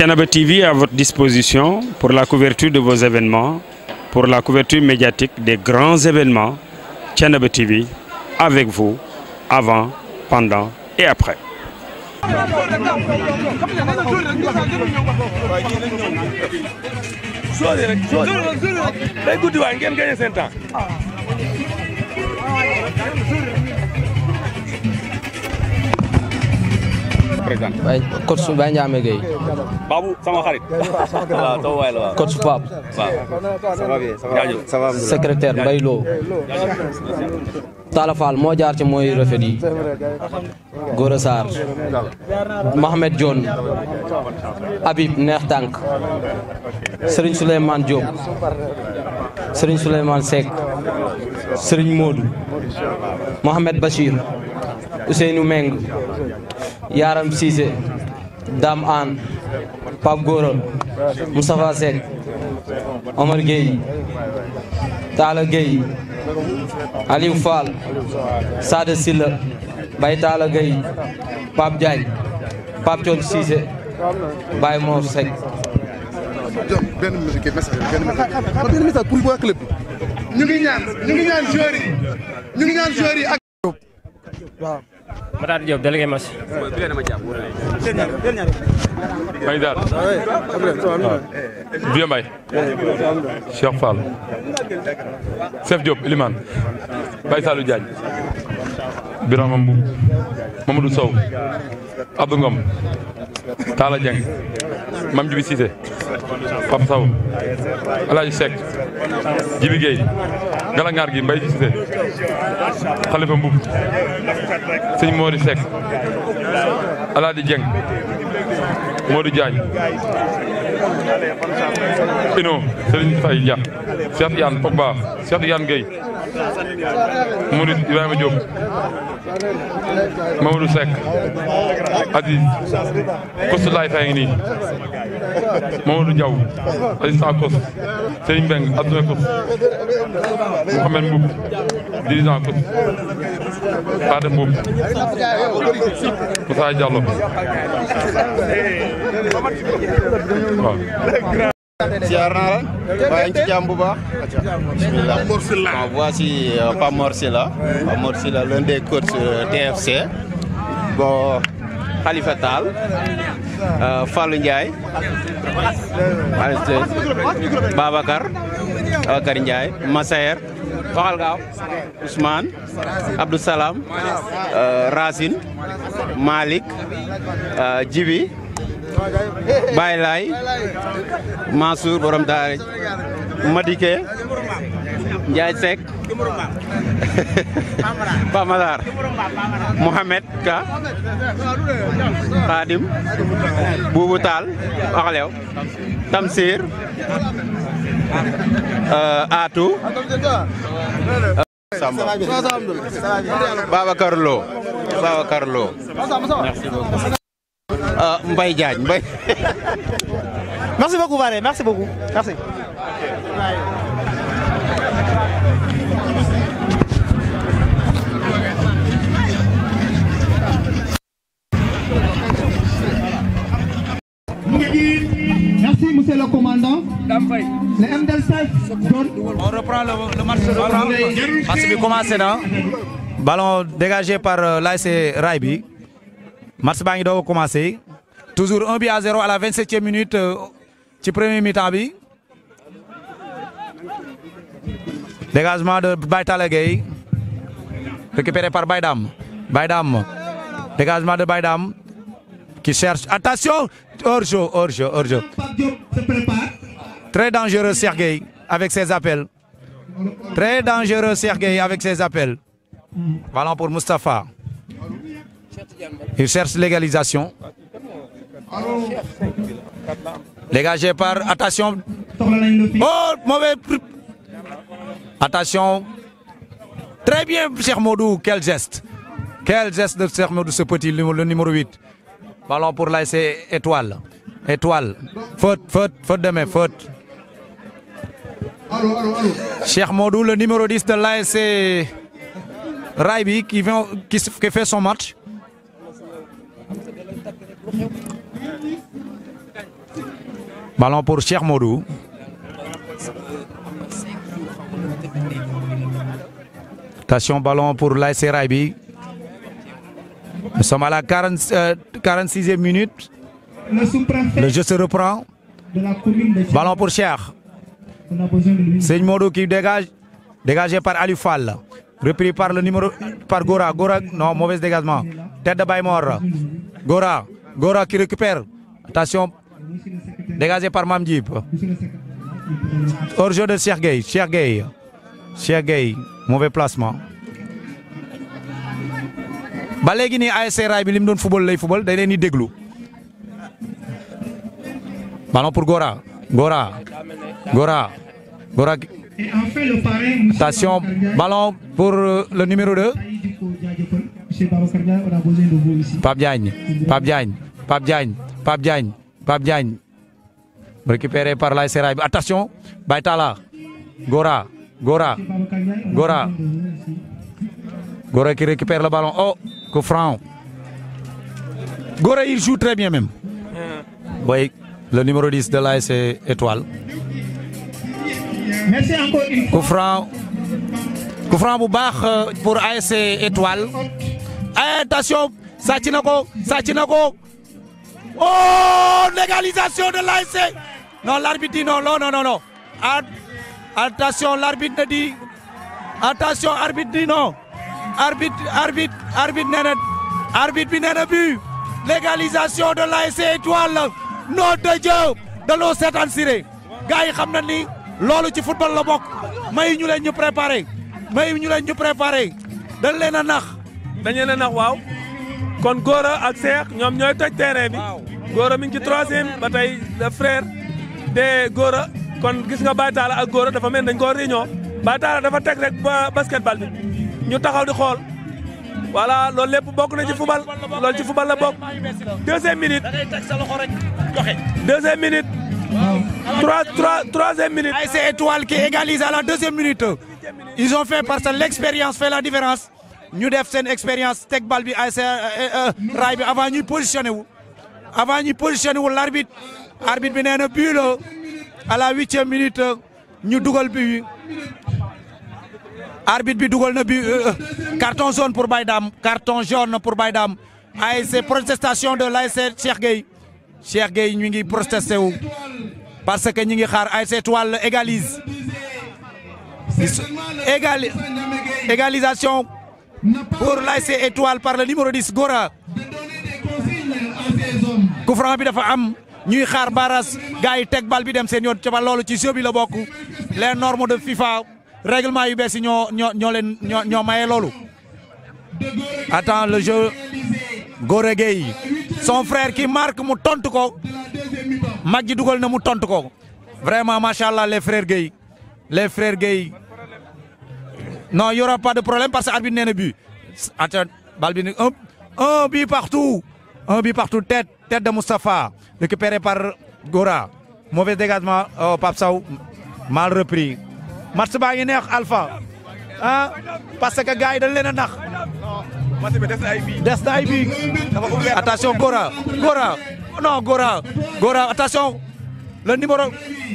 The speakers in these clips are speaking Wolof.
Thiénaba TV à votre disposition pour la couverture de vos événements, pour la couverture médiatique des grands événements. Thiénaba TV avec vous avant, pendant et après. représente. Baye coach Baye Ndiame Gueye. Babou sama xarit. waaw sama waay Talla moo jaar ci mooy rafet yi Gora Sarr Habib Neex Tànk Serigne Souleymane Diop Serigne Souleymane Seck Serigne Modou Mohamed Bachir Ousseynou Meng Yaram Cissé Dame Anne Pape Gora Moustapha Seck Omar Gueye Talla Gueye Aliou Fall Sada Silla Baye Talla Gueye Pape Diagne Pape Thion Cissé Baye Mor benn musique message benn message pour ñu ngi ñaan ñu ngi ñaan joueurs ñu ngi ñaan joueurs ak waaw Matar Diop délégué match. Mbaye Dar. Vieux Mbaye. Cheikh Fall. Chef Diop Elimane. Baye Salou Diagne. Birame Mbou. Mamadou Sow. Abdou Talla Dieng Mame Djibi Cissé Pape Sow El Hadj Seck Djibi Guèye Galangaar gi Mbaye Cissé Khalifa Mboub Sëñ Mori Seck El Hadj Dieng Modou Diagne Ino Serigne Faye Dia Cheikh Yane Pogba Cheikh Yane Guèye Mourid Ibrahima Diop Mamadou Seck Aziz Kostu Laay fay ngi nii Mamadou Diaw Aziz Sa Kos Serigne Mbeng Abdoulaye Kos Mouhamed Mboub dirigeant Kos Fadem Mboub Moussa Diallo waaw ziar naa la ci jàmm bu baax. bisimilah bon voici euh, Pape Mor Sylla. Pape Mor euh, TFC. bon Khalifa Tall. Euh, Fallou Ndiaye. Babacar. Babacar Ndiaye Massaer. waxal gaaw Ousmane Abdou Salam Baye Laay Mansour borom daara Madike Ndiaye Seck Pamalaar Mohamed Ka Khadim Boubou Tall Akhlew Tamsir euh, Atou Samba Babacar Lo Babacar Euh, Mbaye Diagne Mbaye. merci beaucoup Varé merci beaucoup merci. Merci, monsieur le commandant. Le MDL On reprend le, le match. Le match commencé na. Ballon dégagé par euh, l'ASC Rail bi. Match baa ngi doog commencé. toujours 1 bi à 0 à la 27e minute euh, ci par Baye de Baye Dame qui cherche attention hors-jeu hors-jeu hors très dangereux Cheikh Gueye avec ses appels très dangereux Cheikh Gueye avec ses appels ballon pour Moustapha il cherche l'égalisation dégagé par attention oh mauvais attention très bien Cheikh Modou quel geste quel geste de Cheikh Modou ce petit le numéro 8 ballon pour l'ASC Étoile Étoile faute faute faute de main faute Cheikh le numéro 10 de l'ASC Rail qui fait son match Ballon pour Cheikh Modou. Attention, ballon pour l'ASC Rail bi. Nous sommes à la 40, euh, 46 minute. Le jeu se reprend. Ballon pour Cheikh. Seigne modo qui dégage. Dégagé par Aliou Fall. par le numéro par Gora. Gora, non, mauvais dégagement. Tête de Baymor. Gora. Gora qui récupère attention dégagé par Mame Djib hors-jeu de Cheikh Gueye Cheikh Gueye Cheikh Gueye mauvais placement ba léegi nii ASC Rail bi li mu doon football lay football day leen di déglu ballon pour Gora Gora Gora Gora attention ballon pour euh, le numéro 2 Monsieur Babacar Diagne, on Pape Diagne, Pape Diagne, Pape Diagne, Pape Diagne, Pape Diagne. Récupéré par la Serail. Attention, Baitala, Gora, Gora, Gora. Gora qui récupère le ballon. Oh, coup franc. Gora, il joue très bien même. Oui, hmm. le numéro de l'AS Étoile. Merci encore une fois. bu baax euh, pour ASC Étoile. attention sàcc na ko sàcc na ko oh légalisation de l'ASC non l'arbitre dit non non non non attention l'arbitre ne dit attention arbitre dit non arbitre arbitre arbitre nee na arbitre bi nee na bu légalisation de l'ASC Étoile non de Dieu da loo seetaan siré gars xam na ni loolu ci football la bok may ñu leen ñu préparé may ñu leen ñu préparé dañ leen a nax dañu ne nax waaw kon Gora ak Cheikh ñoom ñooy toj terrain bi Gora mi ngi ci troisième ba tey le frère de Gora kon gis nga Baye Talla ak Gora dafa mel dañ koo réunion Baye Talla dafa teg rek ba basketball bi ñu taxaw di xool voilà loolu lépp bokk na ci fubal loolu ci fubal la bokk deuxième minute deuxième minute trois trois troisième minute ASC Étoile qui égalise à la deuxième minute ils ont fait parce l'expérience fait la différence ñu def seen expérience teg bal bi ASC euh, euh, raay bi avant ñuy positionné wu avant ñuy positionné wu l' arbitre bi nee na bii la à la huitième minute ñu dugal bi arbitre bi dugal na bi euh, carton jaune pour Baye Dame carton jaune pour Baye Dame ASC protestation de l' ASC Cheikh Gueye Cheikh Gueye ñu ngi protesté wu parce que ñu ngi xaar ASC Étoile égalise égalisation pour l'ASC Étoile par le numéro 10 Gora coup franc bi dafa am ñuy xaar baras gars yi teg bal bi dem seen yoon ca ba loolu ci jeu la bokk les normes de FIFA règlement yu bees yi ñoo ñoo ñoo leen ñoo ñoo maye loolu. attends le jeu Gora Gueye son frère qui marque mu tontu ko mag ji dugal na mu tontu ko vraiment macha allah les frères Gueye les frères Gueye. non il y aura pas de problème parce que arbitre nee na but attan bal bi ni un un but partout un but partout tête tête de Moustapha récupéré par Gora mauvais dégagement oh, Pape mal repris match baa ngi neex Alpha ah parce que gars yi dañ leen a nax des na ay bi attention Gora Gora non Gora Gora attention le numéro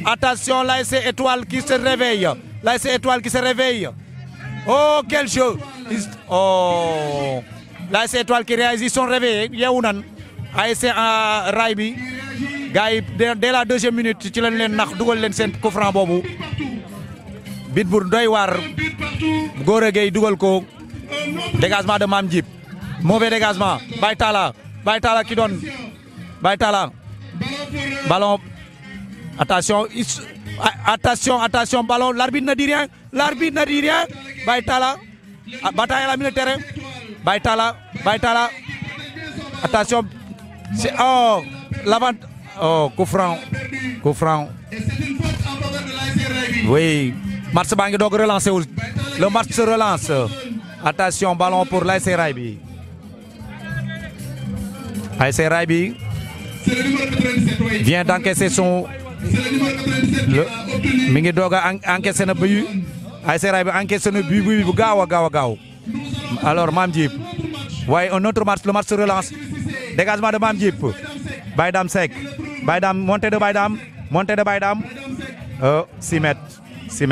attention l'ASC Étoile qui se réveille l'ASC Étoile qui se réveille Oh, quel jeu Oh L'AS Étoile qui réagit, ils sont réveillés. Yéounan, AS en Raibi. Gaï, dès la deuxième minute, tu l'as dit, dougal len sen coup franc bobu. doy war. Gore Gueye dougal ko. Dégagement de Mam Djib. Mauvais dégagement. Baytala. Baytala qui donne. Baytala. Ballon. Attention, attention ballon l'arbitre ne dit rien l'arbitre ne dit rien Baye Talla ah, bataille à la milieu de terrain Baye Talla Baye Talla attention c'est oh l'avant oh coup franc coup franc oui baa ngi doog relancé wul le match se relance attention ballon pour l'ASC Rail bi ASC Rail bi mi ngi doog a encaissé na bi ASC Rail bi encaissé na bi bu gaaw a gaaw a gaaw alors Mame Diop waaye un autre match le match se relance dégagement de Mame Diop Baye Dame Seck Baye Dame montée de Baye Dame montée de Baye Dame euh, six mètres six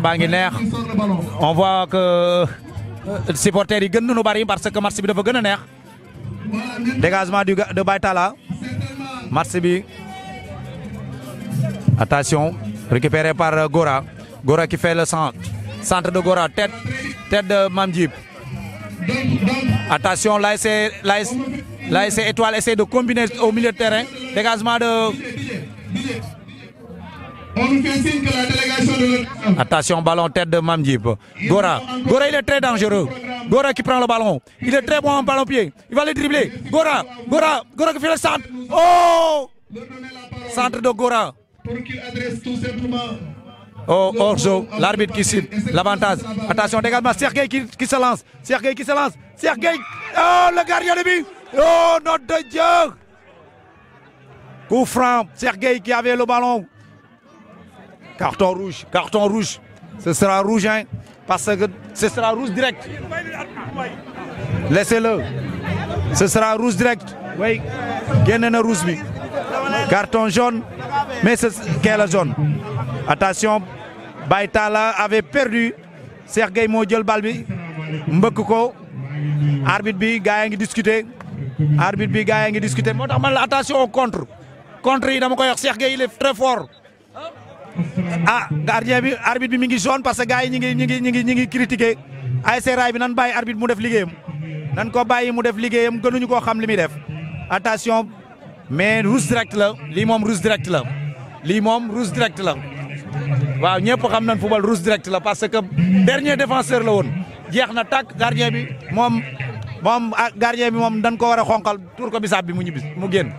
baa ngi neex on voit que euh, supporters yi gën nañu bari parce que match bi dafa gën a neex dégagement du de Baye Talla bi Attention, récupéré par Gora. Gora qui fait le centre. de Gora, tête, tête de Mamdjib. Attention, là c'est Étoile essaie de combiner au milieu de terrain. Dégagement de... Attention, ballon tête de Mamdjib. Gora. il est très dangereux. Gora qui prend le ballon. Il est très bon en ballon pied. Il va le dribbler. Gora. Gora qui fait le centre. Oh Centre de Gora. Oh, hors-jeu, l'arbitre qui siffle, l'avantage. Attention dégagement, Sergei qui, se lance, Sergei qui se lance, Sergei, oh le gardien de but, oh notre Dieu Coup franc, Sergei qui avait le ballon. Carton rouge, carton rouge, ce sera rouge parce que ce sera direct. Laissez-le, ce sera rouge direct, oui, génn rouge bi. carton jaune, mais c'est quelle zone Attention, Baïtala avait perdu. Sergei moo jël bal bi mbëkk ko arbitre bi gars ngi discuter arbitre bi gars yi ngi discuter moo tax man la attention au contre contre yi dama koy wax Sergei il est très fort ah gardien bi arbitre bi mi ngi jaune parce que gars yi ñi ngi ñi ngi ñi ngi ñi ngi critiquer ASC Rail bi nan bàyyi arbitre mu def liggéeyam nan ko bàyyi mu def liggéeyam gënuñu koo xam li muy def attention mais rouge direct la lii moom rouge direct la lii moom rouge direct la waaw ñëpp xam nañ football rouge direct la parce que dernier défenseur la woon jeex na tàkk gardien bi moom moom ah, gardien bi moom dañ ko war a xonqal tuur ko bisaab bi mu ñibbi mu génn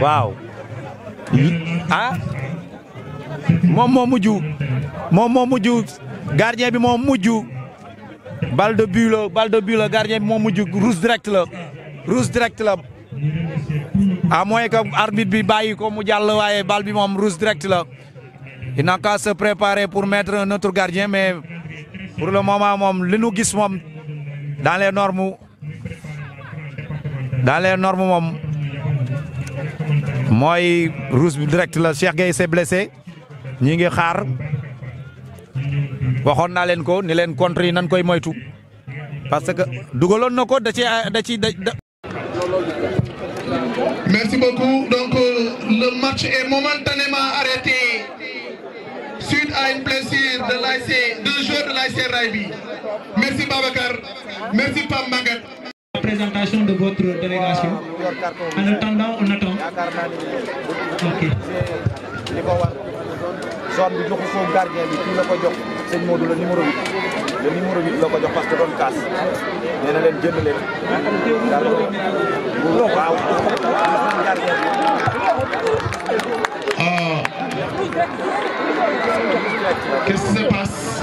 waaw ah moom moo mujj moom moo mujj gardien bi moo mujj balle de but la balle de but la bi moo mujj rouge direct la rouge direct la à moins que arbitre bi bàyyi ko mu jàll waaye bal bi moom rouge direct la il ka se préparer pour metre mettre notre gardien mais pour le moment moom li nu gis moom dans les normes dans les normes moom mooy rouge direct la Cheikh Gueye s'est blessé ñi ngi xaar waxoon naa leen ko ni leen contre yi nan koy moytu parce que dugaloon na ko da ci da Merci beaucoup. Donc euh, le match est momentanément arrêté suite à une blessure de l'AC, de joueur de l'AC Raibi. Merci Babacar. Merci Pam présentation de votre délégation. En attendant, on attend. le numéro bi la ko jox parce que doon kaas nee na leen jënd leen daal waaw ah. Qu'est-ce qui se passe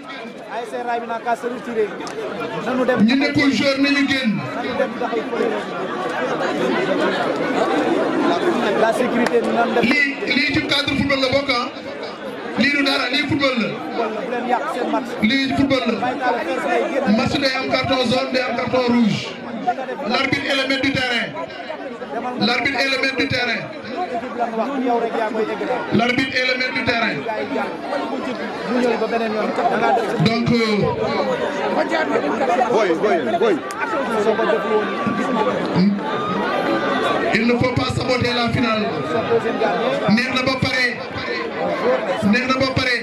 ñu nekkul joueur nañu génn. lii lii ci cadre football la bokk ah. lii du dara lii football la. lii football la. match day am carton jaune day am carton rouge. l'arbitre est le maître du terrain. l'arbitre est le maître du terrain. du terrain. donc euh, hmm? il ne faut pas saboter la finale neex ba pare neex na ba pare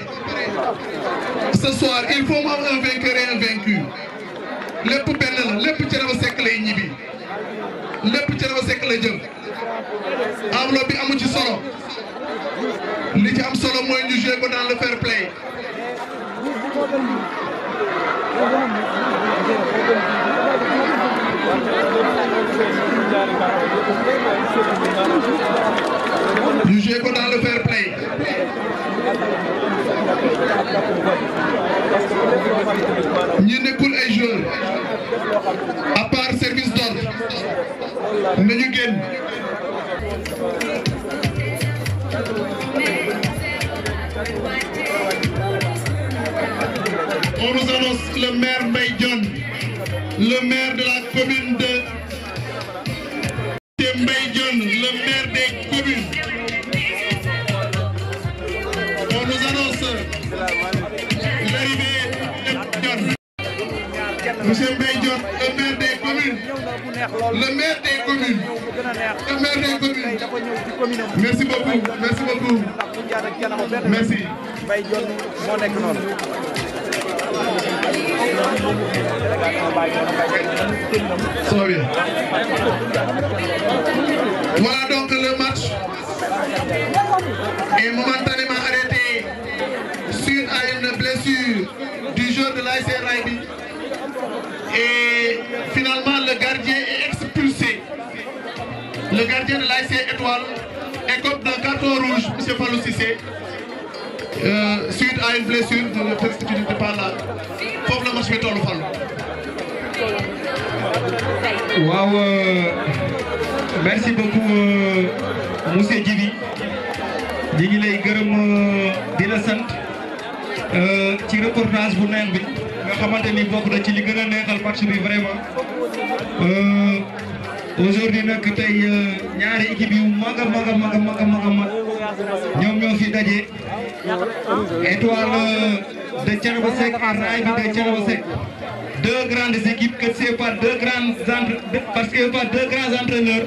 ce soir il faut mu am un vainqueur et lépp benn la lépp Thiénaba Seck lay ñibbi lépp Thiénaba Seck la jëm enveloppe bi amu ci solo li ci am solo mooy ñu jouer ko dans le fair play ñu joué ko dans le fair play. ñu nekkul ay joueurs. à part service d'ordre. nañu génn. Thank you. on nous annonce le maire Mbaye Dione le maire de la commune de le maire des communes on nous annonce l'arrivée de monsieur Mbaye le maire des communes le maire des communes le maire des merci beaucoup merci beaucoup Voilà donc le match est momentanément arrêté suite à une blessure du joueur de l'ASC Rail et finalement le gardien est expulsé. Le gardien de l'ASC Étoile écope d'un carton rouge, Monsieur Fallou Cissé, euh, suite à une blessure de la petite waaw euh, merci beaucoup euh, monsieur Djibi ñu ngi lay gërëm euh, di la sant ci reportage bu neex bi nga xamante ni bokk na ci li gën a neexal match bi vraiment aujourd'hui nag tey ñaari équipe yu mag a mag a mag ñoom fi daje étoile de Thiénaba Seck et de Thiénaba Seck deux grandes équipes coachées par deux grands entre parce que par deux grands entraîneurs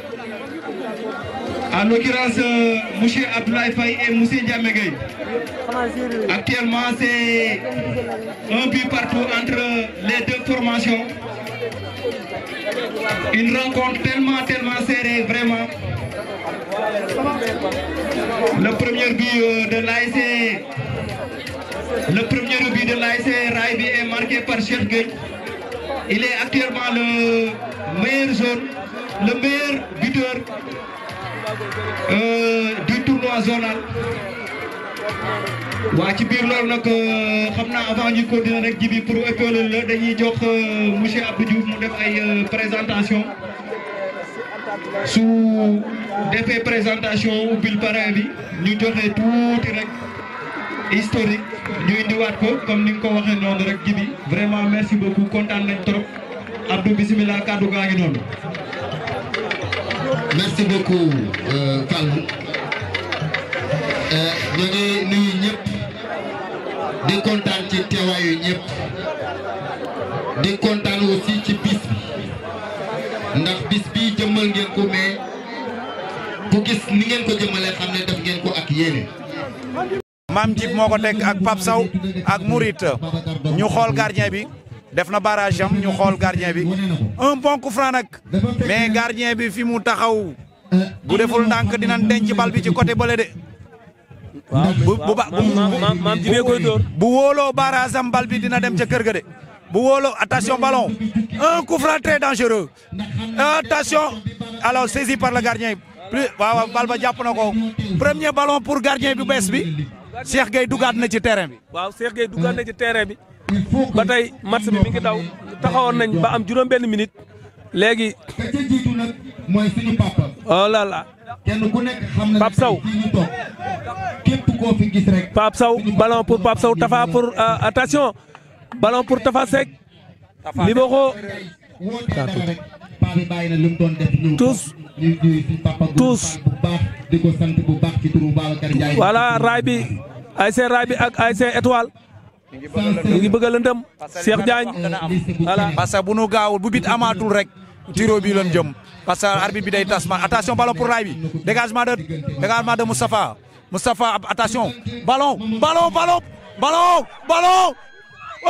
en l'occurrence euh, monsieur Abdoulaye Faye et monsieur Diame Gueye actuellement c'est un but partout entre les deux formations une rencontre tellement tellement vraiment le premier but euh, de l'ASC Le premier but de l'ASC Raibi est marqué par Cheikh Gueye. Il est actuellement le meilleur zone, le meilleur buteur euh, du tournoi zonal. waa ci biir loolu nag euh, xam naa avant ñu continuer rek jibi pour école la dañuy jox euh, monsieur Abdou Diouf mu def ay euh, présentation su defee présentation ubbil parrain bi ñu joxe tuuti rek. historique ñu indiwaat ko comme ni nga ko waxee noonu rek Djibi vraiment merci beaucoup kontaan nañ trop Abdou bisimilah kàddu gaa ngi noonu. merci beaucoup euh, Fall euh, ñu ngi nuyu ñëpp di ndax bis bi jëmmal ngeen ko mais ku gis ni ngeen ko jëmmalee xam ne def ngeen ko ak yéene. Mame Djib moo ko teg ak Pape Sow ak Mourit ñu xool gardien bi def na barrage am ñu xool gardien bi un bon coup franc nag mais gardien bi fi mu taxaw bu deful ndànk dinañ denc bal bi ci côté bële de. waaw bu bu ba Mame Djib koy dóor bu wóoloo barrage am bal bi dina dem ca kër ga de. bu wóoloo attention ballon un coup franc très dangereux attention alors saisi par le gardien plus waaw bal ba jàpp na ko premier ballon pour gardien bu bees bi. Cheikh Gueye dugaat na ci terrain bi. waaw Cheikh Gueye dugaat na ci terrain bi ba tey match bi mi ngi daw taxawoon nañ ba am juróom benn minute léegi. oh là là. Pape Sow Pape Sow ballon pour Pape Sow Tafa pour euh, attention ballon pour Tafa Seck li ma ko. paa bi bàyyi na lu mu doon raay bi ASC raay bi ak ASC étoile. ñu ngi bëgg a lëndëm Cheikh Diagne voilà que bu nu gaawul bu bit amaatul rek tiro bi lan jëm parce que bi day tas ma attention ballon pour raay bi dégagement de dégagement de Moustapha Moustapha attention ballon ballon ballon ballon ballon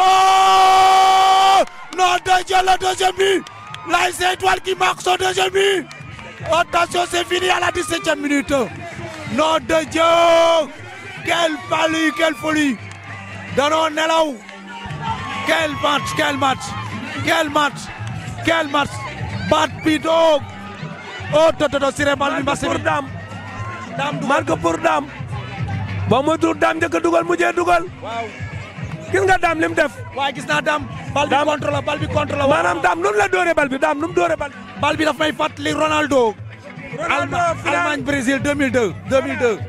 oh non deuxième la deuxième bi l'ASC Étoile qui marque son deuxième but. Attention, c'est fini à la 17 minute. Nom de Dieu Quelle folie, quelle folie nelaw Quel match, quel match Quel match, quel match Bat bi doog Oh toto Siré bal bi marqué pour Dame Dame marque pour Dame ba mu tur Dame njëkk a dugal mujjee dugal gis nga daam li mu def. waaye gis naa daam. bal bi contre la bal bi contre la. maanaam daam nu mu la dóoree bal bi daam nu mu dóoree bal bi. bal bi daf may fàttali Ronaldo. Ronaldo Allemagne Brésil 2002. 2002.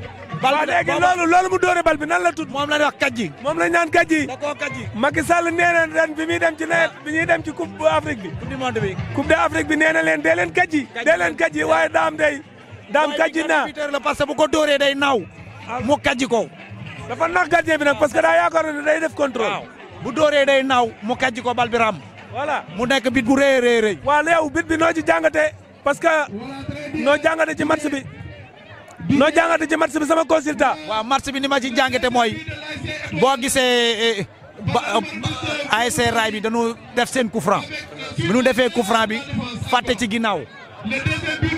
bal bi léegi loolu loolu mu dóore bal bi nan la tudd. moom la ñuy wax kàjji. moom la ñu naan kàjji. da koo kàjji. Macky Sall nee na ren bi muy dem ci nawet bi ñuy dem ci coupe d'Afrique bi. coupe du monde bi. coupe d'Afrique bi nee na leen dee leen kàjji. dee leen kàjji waaye daam day. daam kàjji naa waaye bu ko dóoree day naaw mu kàjji ko dafa nax gardien bi nag parce que daa yaakaar ne day def contrôle. bu dooree day naaw mu kàjj ko bal bi ram. voilà mu nekk bit bu rëy rëy rëy. waaw léew bit bi noo ci jàngatee parce que noo jàngate ci match bi noo jàngate ci match bi sama consultant. waa match bi ni ma ci jàngate mooy boo gisee eh, ASC eh, Rail bi dañu def seen coup franc bi defee coup bi fàtte ci ginnaaw.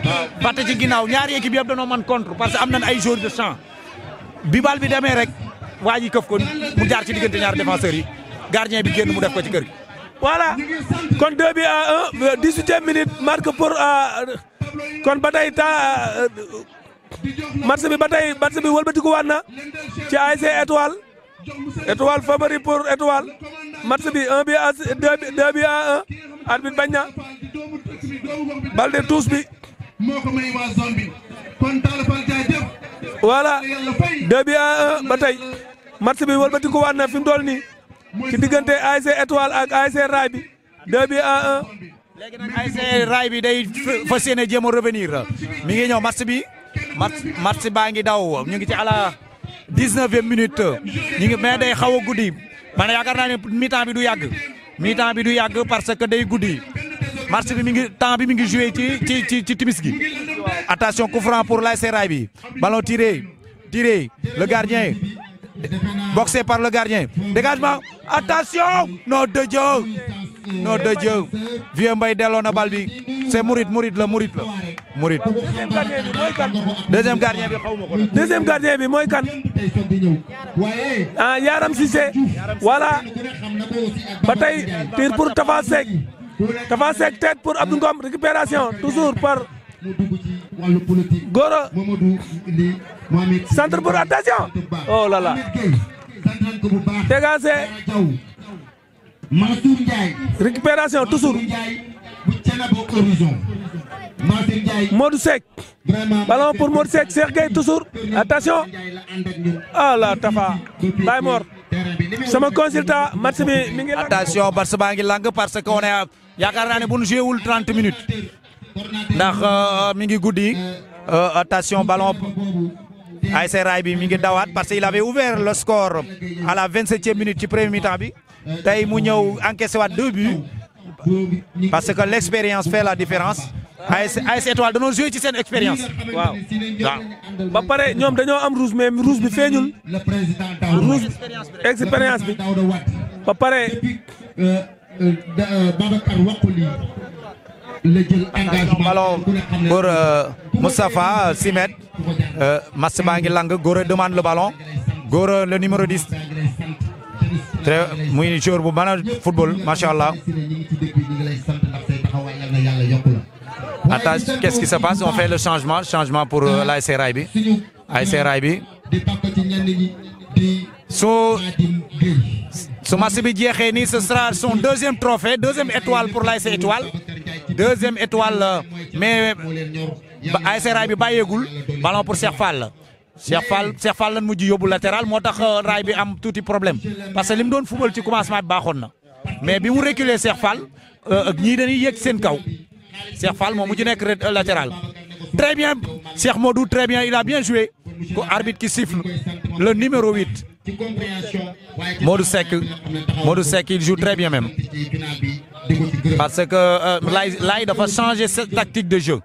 waaw fàtte ci ginnaaw ñaari équipe yëpp dañoo mën contre parce que am nañ ay joueurs de champ. bi bal bi demee rek waa ji këf ko mu jaar ci diggante ñaari défenseurs yi gardien bi génn mu def ko ci kër gi. voilà kon 2 bi à 1 18e euh, minute marque euh, kon ba tey temps euh, match bi ba tey match bi wëlbatiku waat na ci ASC étoile étoile favori pour étoile match bi 1 bi à 2 bi à 1 arbitre bañ na bal de touche bi. voilà deux bi à un ba tey match bi walbati ko waat na fi mu toll nii ci diggante ASC étoile ak ASC raay bi deux bi à un. léegi nag ASC raay bi day fas yéene jéem a revenir mi ngi ñëw match bi match match baa ngi daw ñu ngi ci à la dix-neuvième minute ñu ngi mais day xaw a guddi man yaakaar naa ne mi-temps bi du yàgg mi-temps bi du yàgg parce que day guddi match bi mi ngi temps bi mi ngi joué ci ci ci timis gi. Attention, coup franc pour l'ASC Rail bi. Ballon tiré, tiré. Le gardien. Boxé par le gardien. Dégagement. Attention. Non de Dieu. Non de Dieu. Vieux Mbaye delloo na bal bi. C'est Mourid, Mourid la, Mourid la. Mourid. Deuxième mooy kan. Ah, Yaram Cissé. Voilà. Ba tey tir pour Tafa Seck. Tafa Seck tête pour Abdou Ngom récupération par mu dugg ci wàllu politique. Gora Mamadou Ly Mohamed. centre pour attention. oh là là. dégagé. Mansour Ndiaye. récupération toujours. Modou Seck. ballon pour Modou Seck Cheikh Gueye toujours attention. ah la Tafa Baye Mor. sama consultant match bi mi ngi. attention parce que baa ngi lang parce que on est naa ne bu wul 30 minutes. ndax euh, mi ngi guddi euh, attention ballon ASC Rail bi mi ngi dawaat parce qu'il avait ouvert le score à la 27e minute ci premier mi bi tey mu ñëw encaissé waat deux buts parce que l'expérience fait la différence AS AS Étoile dañoo joué ci seen expérience. waaw ba pare ñoom dañoo am rouge mais rouge bi feeñul. rouge expérience bi ba pare. Euh, ballon pour Moustapha Simet match baa ngi lang Gora demande le ballon Gora le numéro 10 très muy joueur bu mën a football macha allah attention qu'est-ce qui se passe on fait le changement changement pour euh, l'ASC Rail bi ASC Rail bi su su match bi jeexee deuxième trophée deuxième étoile pour l'ASC Étoile deuxième étoile la euh, mais euh, ASC Rail bi bàyyeegul ballon pour Cheikh Fall la Cheikh Fall Cheikh Fall lan mujj yóbbu latéral moo tax euh, Rail bi am tuuti problème parce que li mu doon fubal ci commencement bi baaxoon na mais bi mu reculer Cheikh Fall ak ñii dañuy yéeg seen kaw Cheikh Fall moo mujj nekk latéral. très bien Cheikh Modou très bien il a bien joué ko arbitre qui siffle le numéro 8. Modou Seck Modou Seck il joue très bien même parce que laay euh, laay dafa changé sa tactique de jeu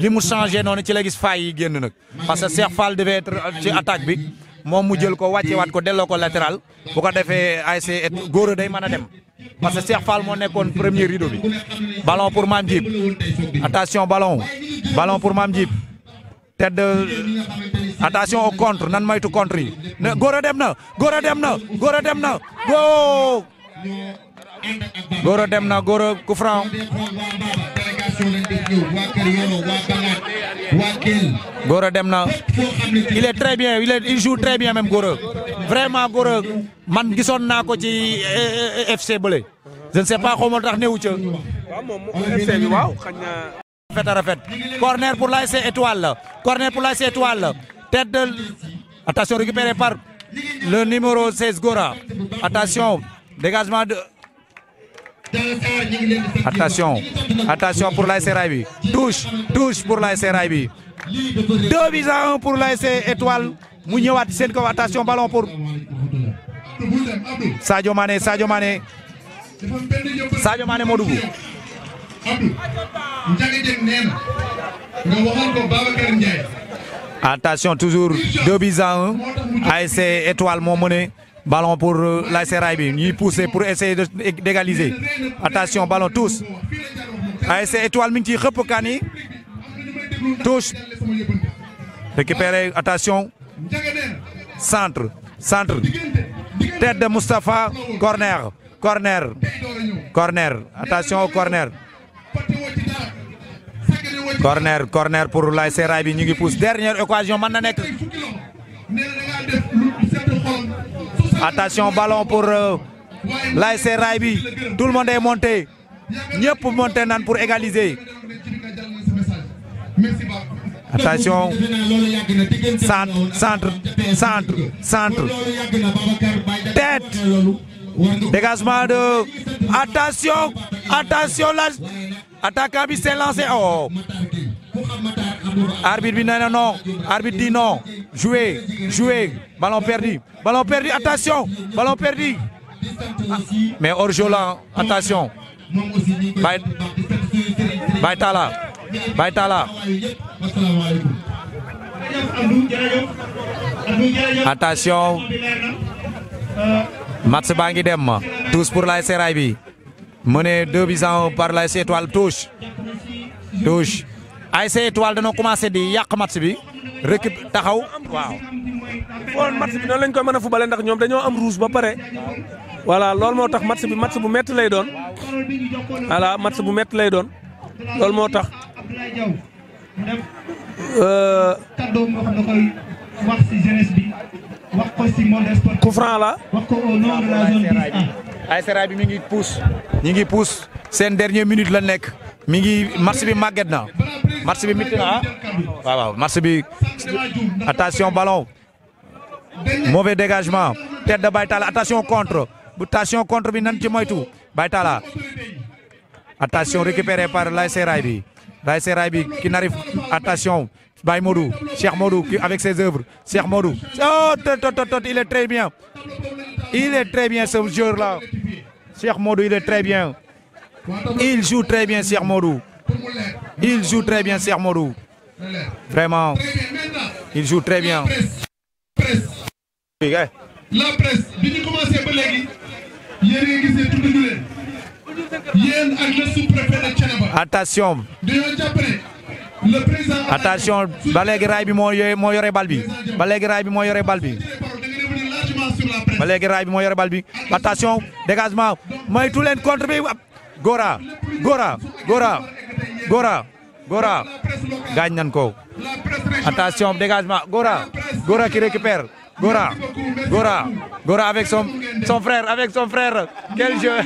li mu changé noonu ci la gis faay génn nag parce que Cheikh Fall devait être attaque bi moo mu jël ko wàccewaat ko delloo ko latéral bu ko defee ASC góor day mën a dem parce que Cheikh Fall moo nekkoon premier rideau bi ballon pour Mame Djib attention ballon ballon pour Mame Djib attention au contre nan maytu contre yi ne góor dem na góor dem na góor dem na góo góor a dem na góor a dem na il est très bien il est très bien même góor a vraiment góor man gisoon naa ko ci eh, eh, eh, FC bële je ne sais pas xaw ma tax newu ca rafet corner pour l'ASC Étoile corner pour l'ASC Étoile tête de... Attention récupéré par le numéro 16 Gora. Attention, dégagement de... Attention, attention pour la SRIB. Touche, touche pour la SRIB. 2 buts à 1 pour la Étoile. mu ñëwaat seen kaw attention ballon pour Sadio Mané Sadio Mané Sadio Mané moo dugg. Abdou attention toujours deux buts à un ASC étoile moo mené ballon pour euh, l'ASC Rail bi ñuy pousser pour essayer d'égaliser attention ballon tous ASC étoile mi ngi ciy xëpp kaan yi touche centre centre tête de Moustapha corner corner corner au corner corner corner pour Laye Seeraay bi ñu ngi pousse dernière occasion mën na nekk. attention ballon pour euh, Laye Seeraay bi tout le monde est monté ñëpp monté nan pour égaliser. attention centre centre centre centre tête dégagement de attention attention la. attaquant bi s'est lancé oh. bi nee na non arbitre dit non jouez jouez ballon perdu ballon perdu attention ballon perdu ah. mais hors-jeu là attention Baye Baye Talla Baye Talla attention match baa ngi dem tous la Serail bi mu ne buts à 1 par l'ASC Étoile touche touche ASC Étoile danoo commencé di yàq match bi récup taxaw waaw. foon match bi noonu lañ koy man a fubale ndax ñoom dañoo am rouge ba pare. voilà loolu moo tax match bi match bu métti lay doon voilà match bu métti lay doon loolu moo tax. Euh, wax ci la. ASC bi mu ngi pousse ñi ngi pousse seen dernier minute la nekk mi ngi match bi màgget na match bi métti na ah waaw bi attention ballon mauvais dégagement tête de Baytala attention contre bu contre bi nan ci moytu Baytala attention récupéré par l'ASC bi l'ASC Rail bi qui n'arrive attention Baye Modou Cheikh Modou ses œuvres Cheikh Modou oh il est très bien ce joueur-là Cheikh Modou il est très bien il joue très bien Cheikh Modou il joue très bien Cheikh Modou vraiment il joue très bien. la presse bi ñu commencé attention. dañoo jàpp ne le président. attention ba léegi raay bi moo yore moo ba léegi bi moo yore bi. ba léegi raay bi moo yore bal bi attention dégagement maytu leen contre bi Gora Gora Gora Gora Gora gaañ nan ko attention dégagement Gora Gora qui récupère Gora Gora avec son frère avec son frère quel jeu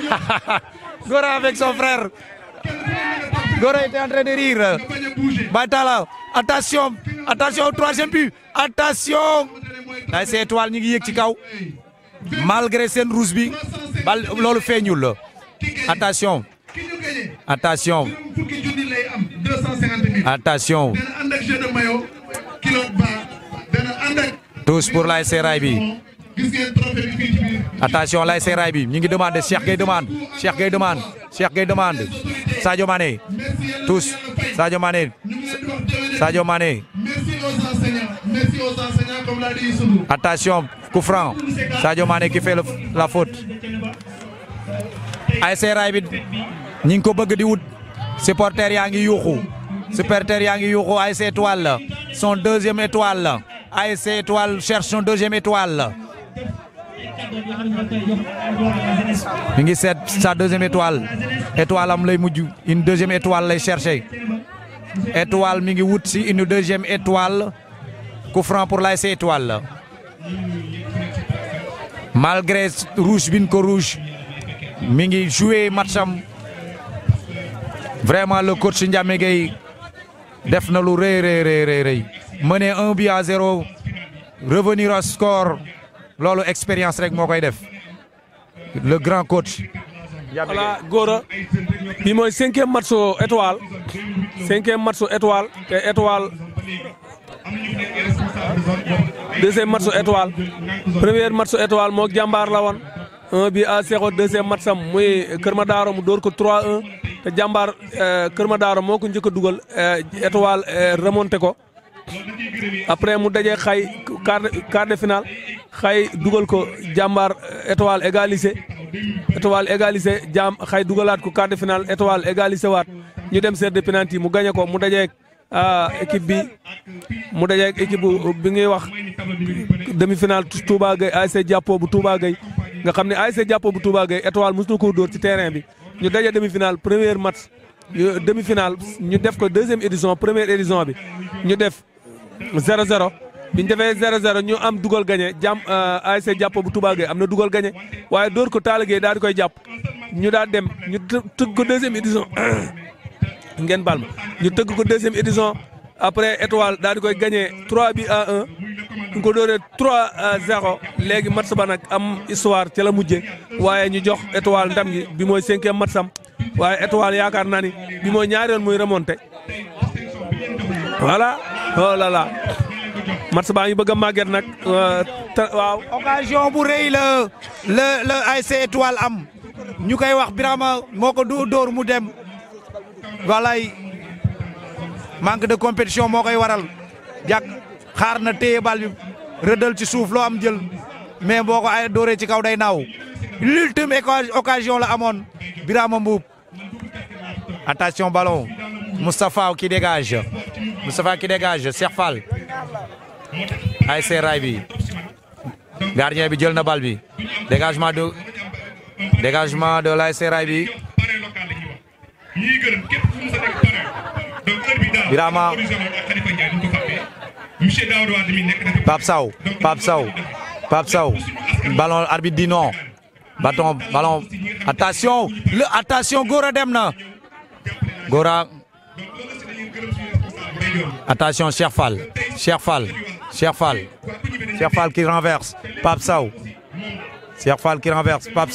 Gora avec son frère Gora était en de rire Batala attention attention au troisième but ndax ces étoiles ñu ngi yéeg ci kaw malgré seen rouge bi bal loolu feeñul la attention attention attention tous pour l'ASC Rail bi attention lay Rail bi ñu ngi demande Cheikh Gueye demande Cheikh Gueye demande Cheikh Gueye demande Sadio Mané tous Sadio Mané Sadio Mané Merci aux enseignants, comme franc. Sadio Mané qui la faute. ASC Rail bi ñi ngi ko bëgg di wut supporters yaa ngi yuuxu supporters yaa ngi yuuxu ASC Étoile la son deuxième étoile la ASC Étoile cherche son deuxième étoile la. ngi seet sa deuxième étoile étoile am lay mujj une deuxième étoile lay chercher étoile mi ngi wut si une deuxième étoile. coup franc pour l'ASC Étoile la malgré rouge bin ko rouge mi ngi joué matcham vraiment le coach Ndiame Gueye def na lu rëy rëy rëy rëy mener un but à zéro revenir au score loolu expérience rek moo koy def le grand coach. voilà bi mooy cinquième match Étoile te Étoile deuxième match étoile premier match étoile moo jàmbaar la woon un bi à zéro deuxième match am muy Kër Madaro mu dóor ko 3-1 te jàmbaar euh, Kër Madaro moo ko njëkk a dugal euh, étoile euh, remonté ko après mu dajee xay quart de finale xay dugal ko jàmbaar étoile égalisé étoile égalisé jàmm xay dugalaat ko quart de finale étoile égalisé waat ñu dem seet de penalty mu gagné ko mu dajee Ah, équipe bi mu dajeeg équipe bi ngay wax demi-finale Touba Gueye ASC Jàppo bu Touba gay nga xam ne ASC jàppoo bu Touba Gueye étoile mos na koo dóor ci terrain bi ñu daje demi-finale premier match demi ñu def ko deuxième édition première édition bi ñu def 0-0 bi ñu defee 0 ñu am dugal gagné jàmm euh, ASC Jàppo bu Touba Gueye am na dugal gagné waaye dóor ko Talla Gueye daal di koy jàpp ñu daal dem ñu tëgg ko deuxième édition. ngeen baal ma ñu tëgg ko deuxième édition après étoile daal di koy gagné trois bi à 1 ñu ko dooree trois à 0 léegi match ba nag am histoire ca la mujje waaye ñu jox étoile ndam gi bi mooy cinquième match am waaye étoile yaakaar naa ni bi mooy ñaareel muy remonté voilà oh là là match baa ngi bëgg a màgget nag euh, waaw. occasion bu rey la la la ASC étoile am ñu koy wax Birama moo ko dóor mu dem. walaay manque de compétition moo koy waral jàkk xaar na téye bal bi ci suuf loo am jël mais boo ko ay ci kaw day naaw l'ultime occasion la amoon Birama Mbuub attention ballon Moustapha qui dégage Moustapha qui dégage Cheikh Fall ay seeraay bi gardien bi jël na bal bi dégagement de dégagement de l'ASC Rail bi ñuy gërëm képp fu mu sa nekk pare donc heure bi daaw. na. Pape Sow Pape Sow Pape Sow ballon arbitre dit non attention Gora dem Gora attention Cheikh Fall Cheikh Fall qui renverse Pape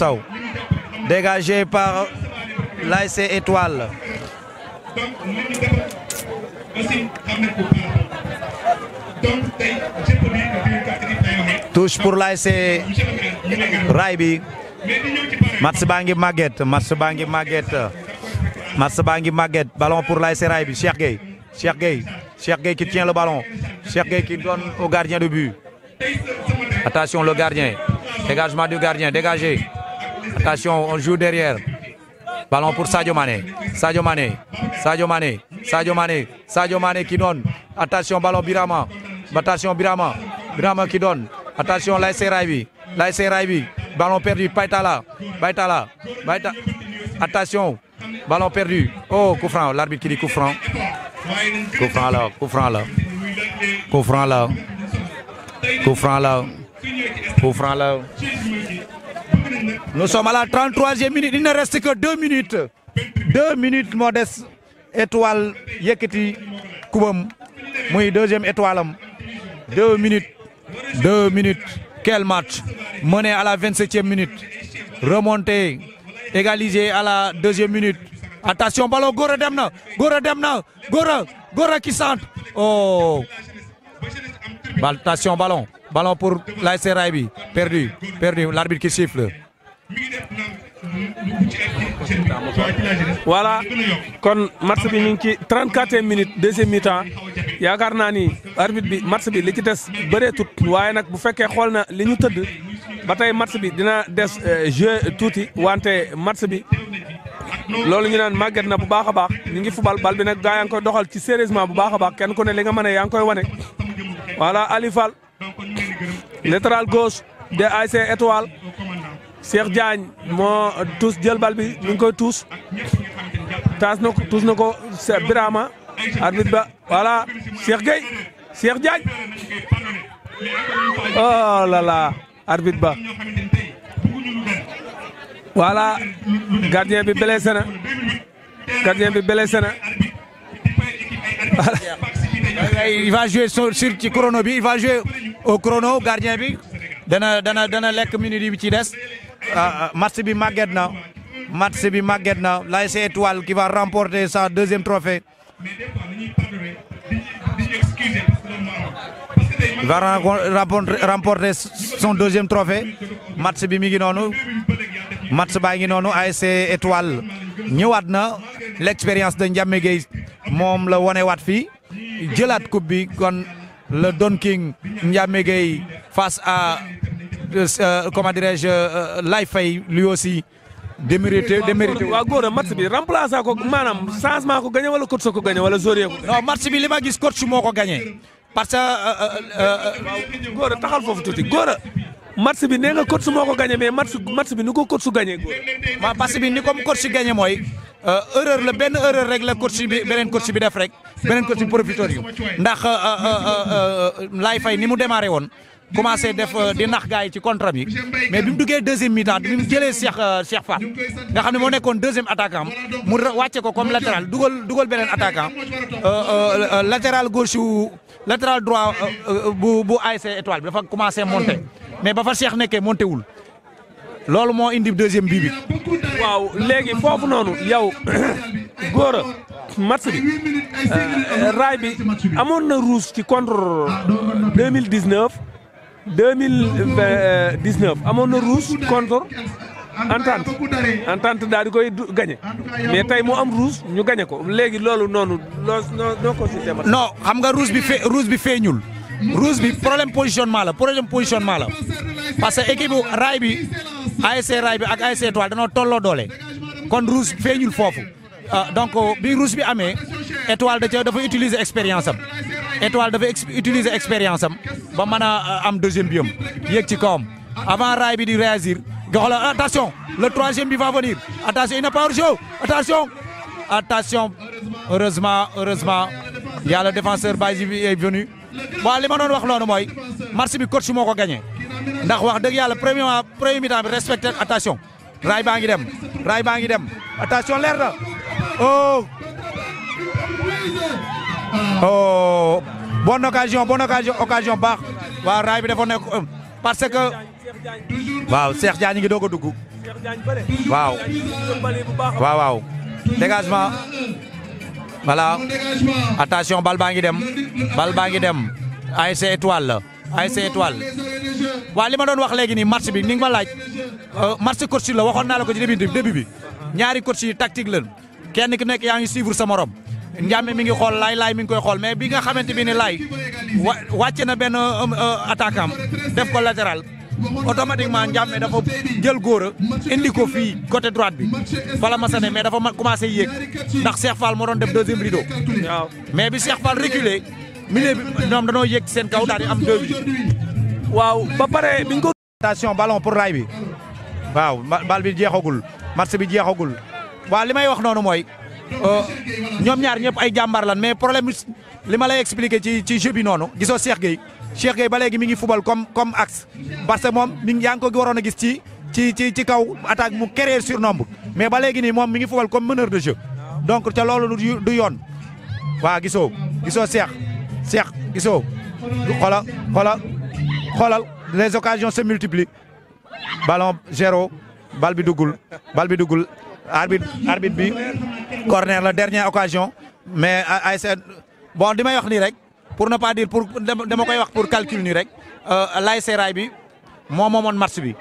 dégagé par. l'ASC Étoile donc loolu dafa aussi xam nañ ko donc tey je peux dire que touche pour l'ASC raay bi match baa ngi màgget match baa ngi màgget match baa ngi màgget ballon pour l'ASC raay bi Cheikh Gueye Cheikh Gueye Cheikh Gueye qui tient le ballon Cheikh Gueye qui donne au gardien de but attention le gardien dégagement du gardien dégagé attention on joue derrière ballon pour Sadio Mané Sadio Mané Sadio Mané Sadio Mané Sadio Mané qui donne attention ballon Birama attention Birama Birama qui bi l'ASC Rail bi ballon perdu Baytala Baytala Bayta attention perdu oh coup franc l'arbitre qui dit coup franc coup franc là nous sommes à la 33e minute il ne que deux minutes deux minutes moo des étoile yëkkati kubam muy deuxième étoile am deux minutes deux minutes quel à la 27e minute remonté égalisé à la deuxième minute attention ballon Gora dem na Gora dem na Gora Gora qui centre oh attention ballon ballon pour l'ASC Rail bi perdu perdu l'arbitre qui siffle voilà kon match bi ñu ngi ci 34e minute deuxième mi-temps yaakaar naa ni arbitre bi match bi li ci des bëree tut waaye nag bu fekkee xool na li ñu tëdd ba tey match bi dina des euh, jeu tuuti wante match bi loolu ñu naan màgget na bu baax a baax ñu ngi fubal bal bi nag gaa yaa doxal ci sérieusement bu baax a baax kenn ku ne li nga mën a yaa ngi koy wane voilà Ali Fall latéral gauche de ASC Étoile Cheikh Diagne moo tuus jël bal bi mi ngi taas na ko tuus na ko Birama ba voilà Cheikh Gueye Cheikh Diagne oh là là ba voilà gardien bi blessé na gardien bi blessé na il va jouer sur ci chrono bi il va jouer au chrono gardien bi dana dana dana lekk minute bi ci des Ah, ah, match bi màgget na match bi màgget na l'ASC Étoile qui va remporter sa deuxième trophée il va remporter son deuxième trophée match bi mi ngi noonu match baa ngi noonu ASC Étoile ñëwaat na l'expérience de Ndiamé Gueye moom la wonewaat fii jëlaat coupe bi kon le Don King Ndiamé face à Euh, euh, comment dirais-je euh, lay fay lui aussi. démérité démérité waaw góor a match bi remplacé ko maanaam changement ko gagné wala coach ko gagné wala joueur ko. non match bi li ma gis coach moo ko gagné parce que. waaw góor a tuuti góor a bi nee nga coach moo ko gagné mais match match bi ni ko coach gagné góor waaw parce bi ni comme coach gagné mooy erreur la benn erreur rek la coach bi beneen coach bi def rek beneen coach bi profité yu ndax laay fay ni mu démarré woon. commencé def euh, di nax gars yi ci contre bi mais bi mu duggee deuxième mi bi mu jëlee Cheikh euh, Cheikh Fall nga xam ne moo nekkoon deuxième attaquant mu wàcce ko comme latéral dugal dugal beneen attaquant euh, am gauche wu latéral droit bu bu ASC bi dafa commencé monter mais ba fa Cheikh nekkee monté wul loolu moo indi deuxième bii bi. waaw léegi foofu noonu yow góor a bi raay bi amoon na rouge ci contre 2019. deux mille euh, dix amoon na rouge contre entente entente daal di koy gañe mais tey mu am rouge ñu gañe ko léegi loolu noonu loo noo ko système non xam nga rouge bi fee rouge bi feeñul rouge bi problème positionnement la problème positionnement la parce que équipe raay bi ASC raay bi ak ASC étoile tolloo doole kon rouge feeñul foofu ah, donc bi rouge bi amee étoile da ca dafa utiliser expérience am étoile dafa utiliser expérience am ba mën a euh, am deuxième bi am yéeg ci kawam avant raay bi di réagir nga xoolal attention le troisième bi va venir attention il n'a pas hors-jeu attention attention heureusement heureusement yàlla défenseur Badji bi est venu waaw li ma doon wax noonu mooy match bi coach moo ko gagné ndax wax dëgg yàlla premièrement premier mi-temps bi respecté attention raay baa ngi dem raay baa ngi dem attention leer na oh. oh bonne occasion bonne occasion occasion baax waaw raay bi dafa nekk euh, parce que waaw Cheikh Diagne ngi doo a dugg waaw waaw waaw dégagement voilà attention bal baa ngi dem bal baa ngi dem ASC Étoile la ASC Étoile waaw li ma doon wax léegi nii match bi ni nga ma laaj euh, match coach la waxoon naa la ko ci début début bi ñaari coach yi tactique lañ kenn ki nekk yaa ngi suivre sa morom Ndiame mi ngi xool laay laay mi ngi koy xool mais bi nga xamante bi ni laay wa wàcce na benn um, uh, attaquant def ko latéral automatiquement Ndiame dafa jël góor a indi ko côté droite bi fala ma sane mais dafa commencé yéeg ndax Cheikh Fall moo doon def deuxième rideau. waaw mais bi Cheikh Fall reculé mi bi ñoom danoo yéeg seen kaw daal di am deux waaw ba pare biñ ko. attention ballon pour raay bi waaw bal bi jeexagul match bi jeexagul waa li may wax noonu mooy. o ñoom ñaar ñëpp ay jàmbaar lan mais problème li ma lay expliquer ci ci jeu bi noonu gisoo Cheikh Gueye Cheikh Gueye ba mi ngi fubal comme comme axe parce que moom mi ngi yaa ngi ko waroon a gis ci ci ci ci kaw attaque mu créer surnombre mais ba léegi nii moom mi ngi fubal comme meneur de jeu donc te loolu du yoon waa gisoo gisoo Cheikh Cheikh gisoo xoolal xoolal xoolal les occasions se multiplient ballon zéro bal bi duggul bal bi duggul bi corner la dernière occasion mais ay seen bon di may wax nii rek pour ne pas dire pour dama koy wax pour calcul ni rek euh, lay bi moo moomoon match bi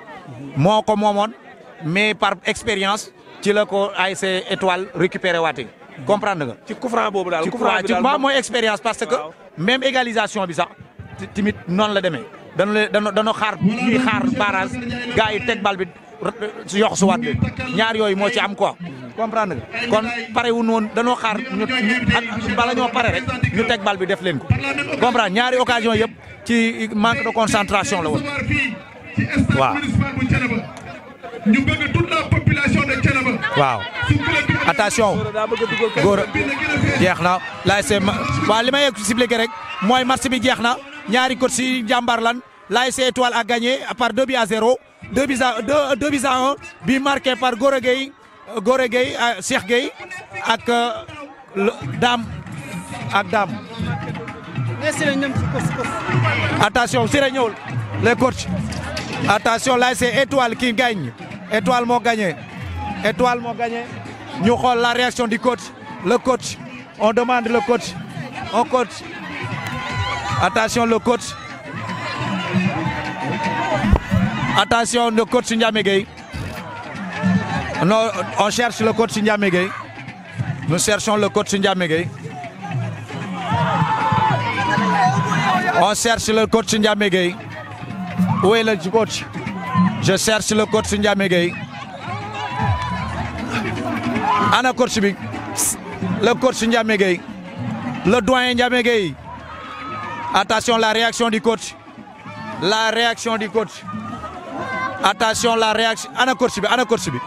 moo ko moomoon mais par expérience ci la ko ASC étoile récupéré waate comprendre nga. ci coup boobu daal coup franc bi mooy expérience parce que même égalisation bi sax timit noonu la demee dañu leen dañoo xaar ñuy xaar teg bal bi yox suwaat leen ñaar yooyu moo ci am quoi. comprendre nga kon pare wu noonu danoo xaar ñu bala ñoo pare ñu teg bal bi def leen ko comprendre ñaari occasion yëpp ci manque de concentration la woon waaw. ñu bëgg toute la population de Thiénaba. waaw attention góor jeex na laay see li may expliqué rek mooy match bi jeex na ñaari coach si jàmbaar lan laay see étoile a gagné par 2 buts à 0 2 à 2 buts à 1 bi marqué par Gora Gueye Euh, Goré Gueye euh, Cheikh Gueye ak euh, Dame ak Dame. attention Siré ñëwul les coachs attention là c'est étoile qui gagne étoile moo gagné étoile moo gagné ñu xool la réaction du coach le coach on demande le coach on coach attention le coach attention le coach Ndiame Gueye Non, on cherche le coach Ndiamegay. Nous cherchons le coach Ndiamegay. On cherche le coach Ndiamegay. Où est le coach Je cherche le coach Ndiamegay. Ana coach Big. Le coach Ndiamegay. Le doyen Ndiamegay. Attention, la réaction du coach. La réaction du coach. Attention, la réaction. Ana coach Big. Ana coach Big.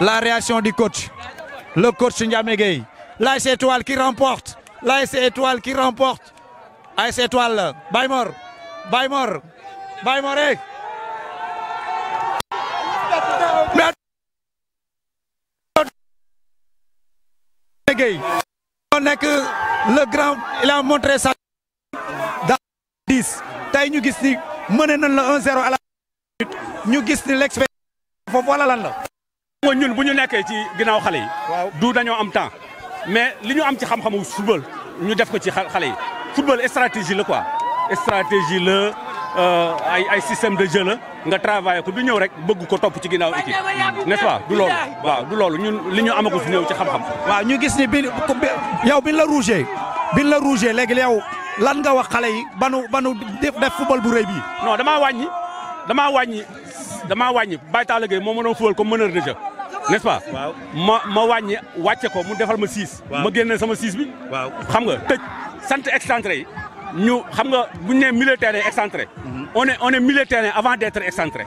la réaction du coach, le coach Ndiamegei. L'AS Étoile qui remporte, l'AS Étoile qui remporte. AS Étoile, Baymor, Baymor, Baymor. On est que le grand, il a montré ça dans 10. tey ñu gis ni mëne nañ la 1-0 à gis ni l'expérience nga ñun bu ñu nekkee ci ginnaaw xale yi. du dañoo am temps mais li ñu am ci xam-xamu ñu def ko ci xale yi football stratégie la quoi stratégie la euh, ay ay système de jeu nga travaillé ko du ñëw rek bëggu ko topp ci ginnaaw équipe n'est-ce pas du loolu. waaw du loolu ñun li ñu amako fi ñëw ci xam-xam. waaw ñu gis ni bi yow bi la rougé bi la rougé léegi yow lan nga wax xale yi banu banu def football bu rëy bii. non damaa wàññi. damaa wàññi damaa wàññi Baye Talla Gueye moo ma doon fóol comme meneur de jeu n'est-ce pas. waaw ma ko mu defal ma siis. ma génne sama siis bi. waaw xam nga tëj sant excentré yi ñu xam nga bu ñu nee milieu terrain excentré. Mhm. on est on est milieu terrain avant d'être excentré.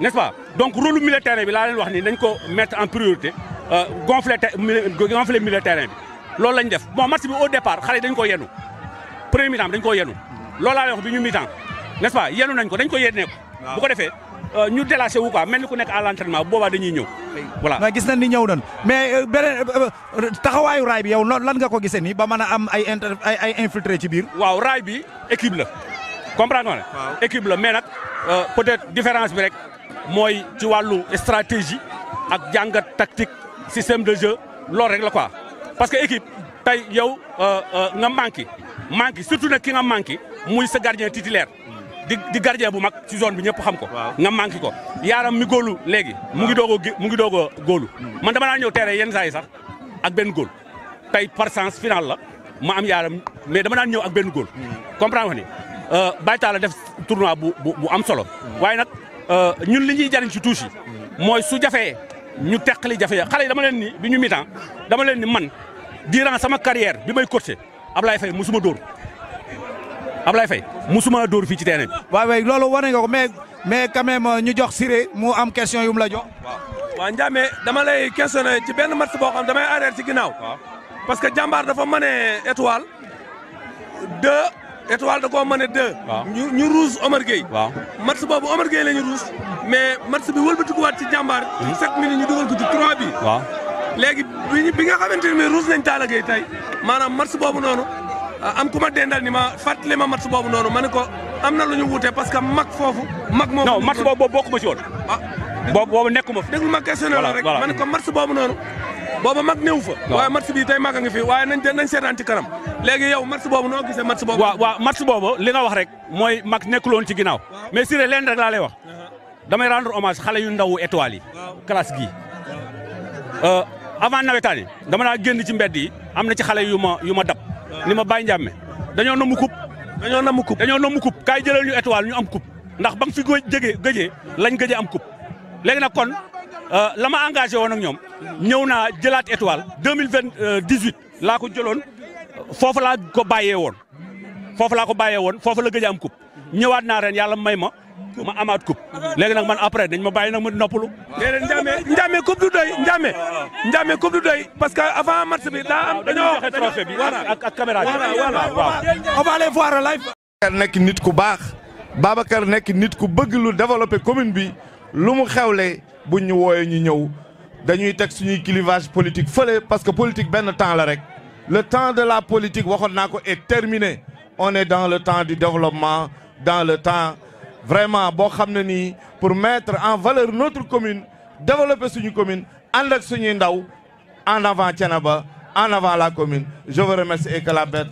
n'est-ce pas donc rôle bi laa leen wax ni dañ ko mettre en priorité euh, gonfler gonfler milieu terrain bi. loolu lañ def moo match bi au départ xale yi dañu ko yenu premier mi-temps dañu ko yenu loolu laa leen bi ñu mi-temps nañ ko dañ ko yéenee bu ko defee euh, ñu délassé wu ko mel ni ku nekk à l'entraînement boobaa dañuy ñëw. voilà mais gis nañ ni ñëw nañ mais euh, beneen euh, taxawaayu raay bi yow lan nga ko gisee nii ba mën a am ay inter ay infiltré ci biir. waaw raay bi équipe la comprendre nga ne. équipe la mais nag peut-être différence bi rek mooy ci wàllu stratégie ak jàngat tactique système de jeu loolu rek la quoi parce que équipe tey yow nga manqué manqué surtout nag ki nga manqué muy sa gardien titulaire. di di gardien bu mag ci zone bi ñëpp xam ko. nga manqué ko yaaram mi góolu léegi. mu ngi doog mu ngi doog a góolu. Hmm. man dama daan ñëw teere yenn saa sax ak benn góol tey par chance final la ma am yaaram mais dama naan ñëw ak benn góol. Hmm. comprendre nga ni euh, baytaa la def tournoi bu bu bu am solo. Hmm. waaye nag euh, ñun li ñuy jariñ si touche yi. mooy su jafee ñu teqali jafe xale yi dama leen ni bi ñu mi-temps dama leen ni man durant sama carrière bi may coaché Ablaye Faye musuma dóor. Ablaye Faye musuma dóor fii ci terrain bi. waaw waaye loolu wane nga ko mais mais quand ñu jox Siré mu am question yu la jox. waaw waaw Ndiame dama lay na ci benn match boo xam damay arrière ci ginnaaw. parce que jàmbaar dafa mënee étoile deux étoile da koo mënee deux. ñu ñu ruus Omar Gueye. waaw match boobu Omar Gueye la ñu ruus. mais match bi wëlbatikuwaat ci jàmbaar. Hmm. sept minutes ñu dugal ko ci trois bi. waaw bi nga xamante ne ruus nañ Talla Gueye tey maanaam match boobu noonu. Ah, am ku ma dendal ni ma fàttali ma match boobu noonu ma ne ko am na lu ñu wuute parce que mag foofu. mak moo non match boobu bokkuma ci woon. ah boobu boobu nekkuma fi. déglu ma questionné la rek ma ne ko match boobu noonu. booba mag néew fa. waaye match bii tey mag ngi fi waaye nañ nañ seetaan ci kanam. léegi yow match boobu noo gisee match boobu. waa waaw match boobu li nga wax rek. mooy mag nek woon ci ginnaaw. mais Siré leen rek laa lay wax. Uh-huh. damay rendre hommage xale yu ndaw étoile yi. classe gii. Euh, avant nawetaan yi dama naa génn ci mbedd yi am na ci xale yu ma yu ma dab. ni ma Baye Ndiame dañoo namu coupe dañoo namu coupe dañoo namu coupe kaay jëlal ñu étoile ñu am coupe ndax ba nga fi gëj jege gëjee lañ gëjee am coupe léegi nag kon euh, lama ma engagé woon ak ñoom ñëw naa jëlaat étoile deux mille vingt euh, dix huit laa ko jëloon foofu laa ko bàyyee woon foofu laa ko bàyyee woon foofu la gëj am coupe ñëwaat naa ren yàlla may ma. ma amaat coupe léegi nag man après dañ ma bàyyi nag ma noppalu. déedéet Ndiame Ndiame coupe du doy Ndiame. Ndiame coupe du doy parce que avant match bi daa am dañoo joxe trophée bi ak ak caméra bi waaw on va aller live. Babacar nekk nit ku baax Babacar nekk nit ku bëgg lu développer commune bi lu mu xewle bu ñu wooyee ñu ñëw dañuy teg suñuy clivage politique fële parce que politique benn temps la rek le temps de la politique waxoon naa ko est terminé on est dans le temps du développement dans le temps. vraiment boo xam ne nii pour mettre en valeur notre commune développer suñu commune ànd ak suñuy ndaw en avant Thiénaba en avant la commune je vous remercie et que la fête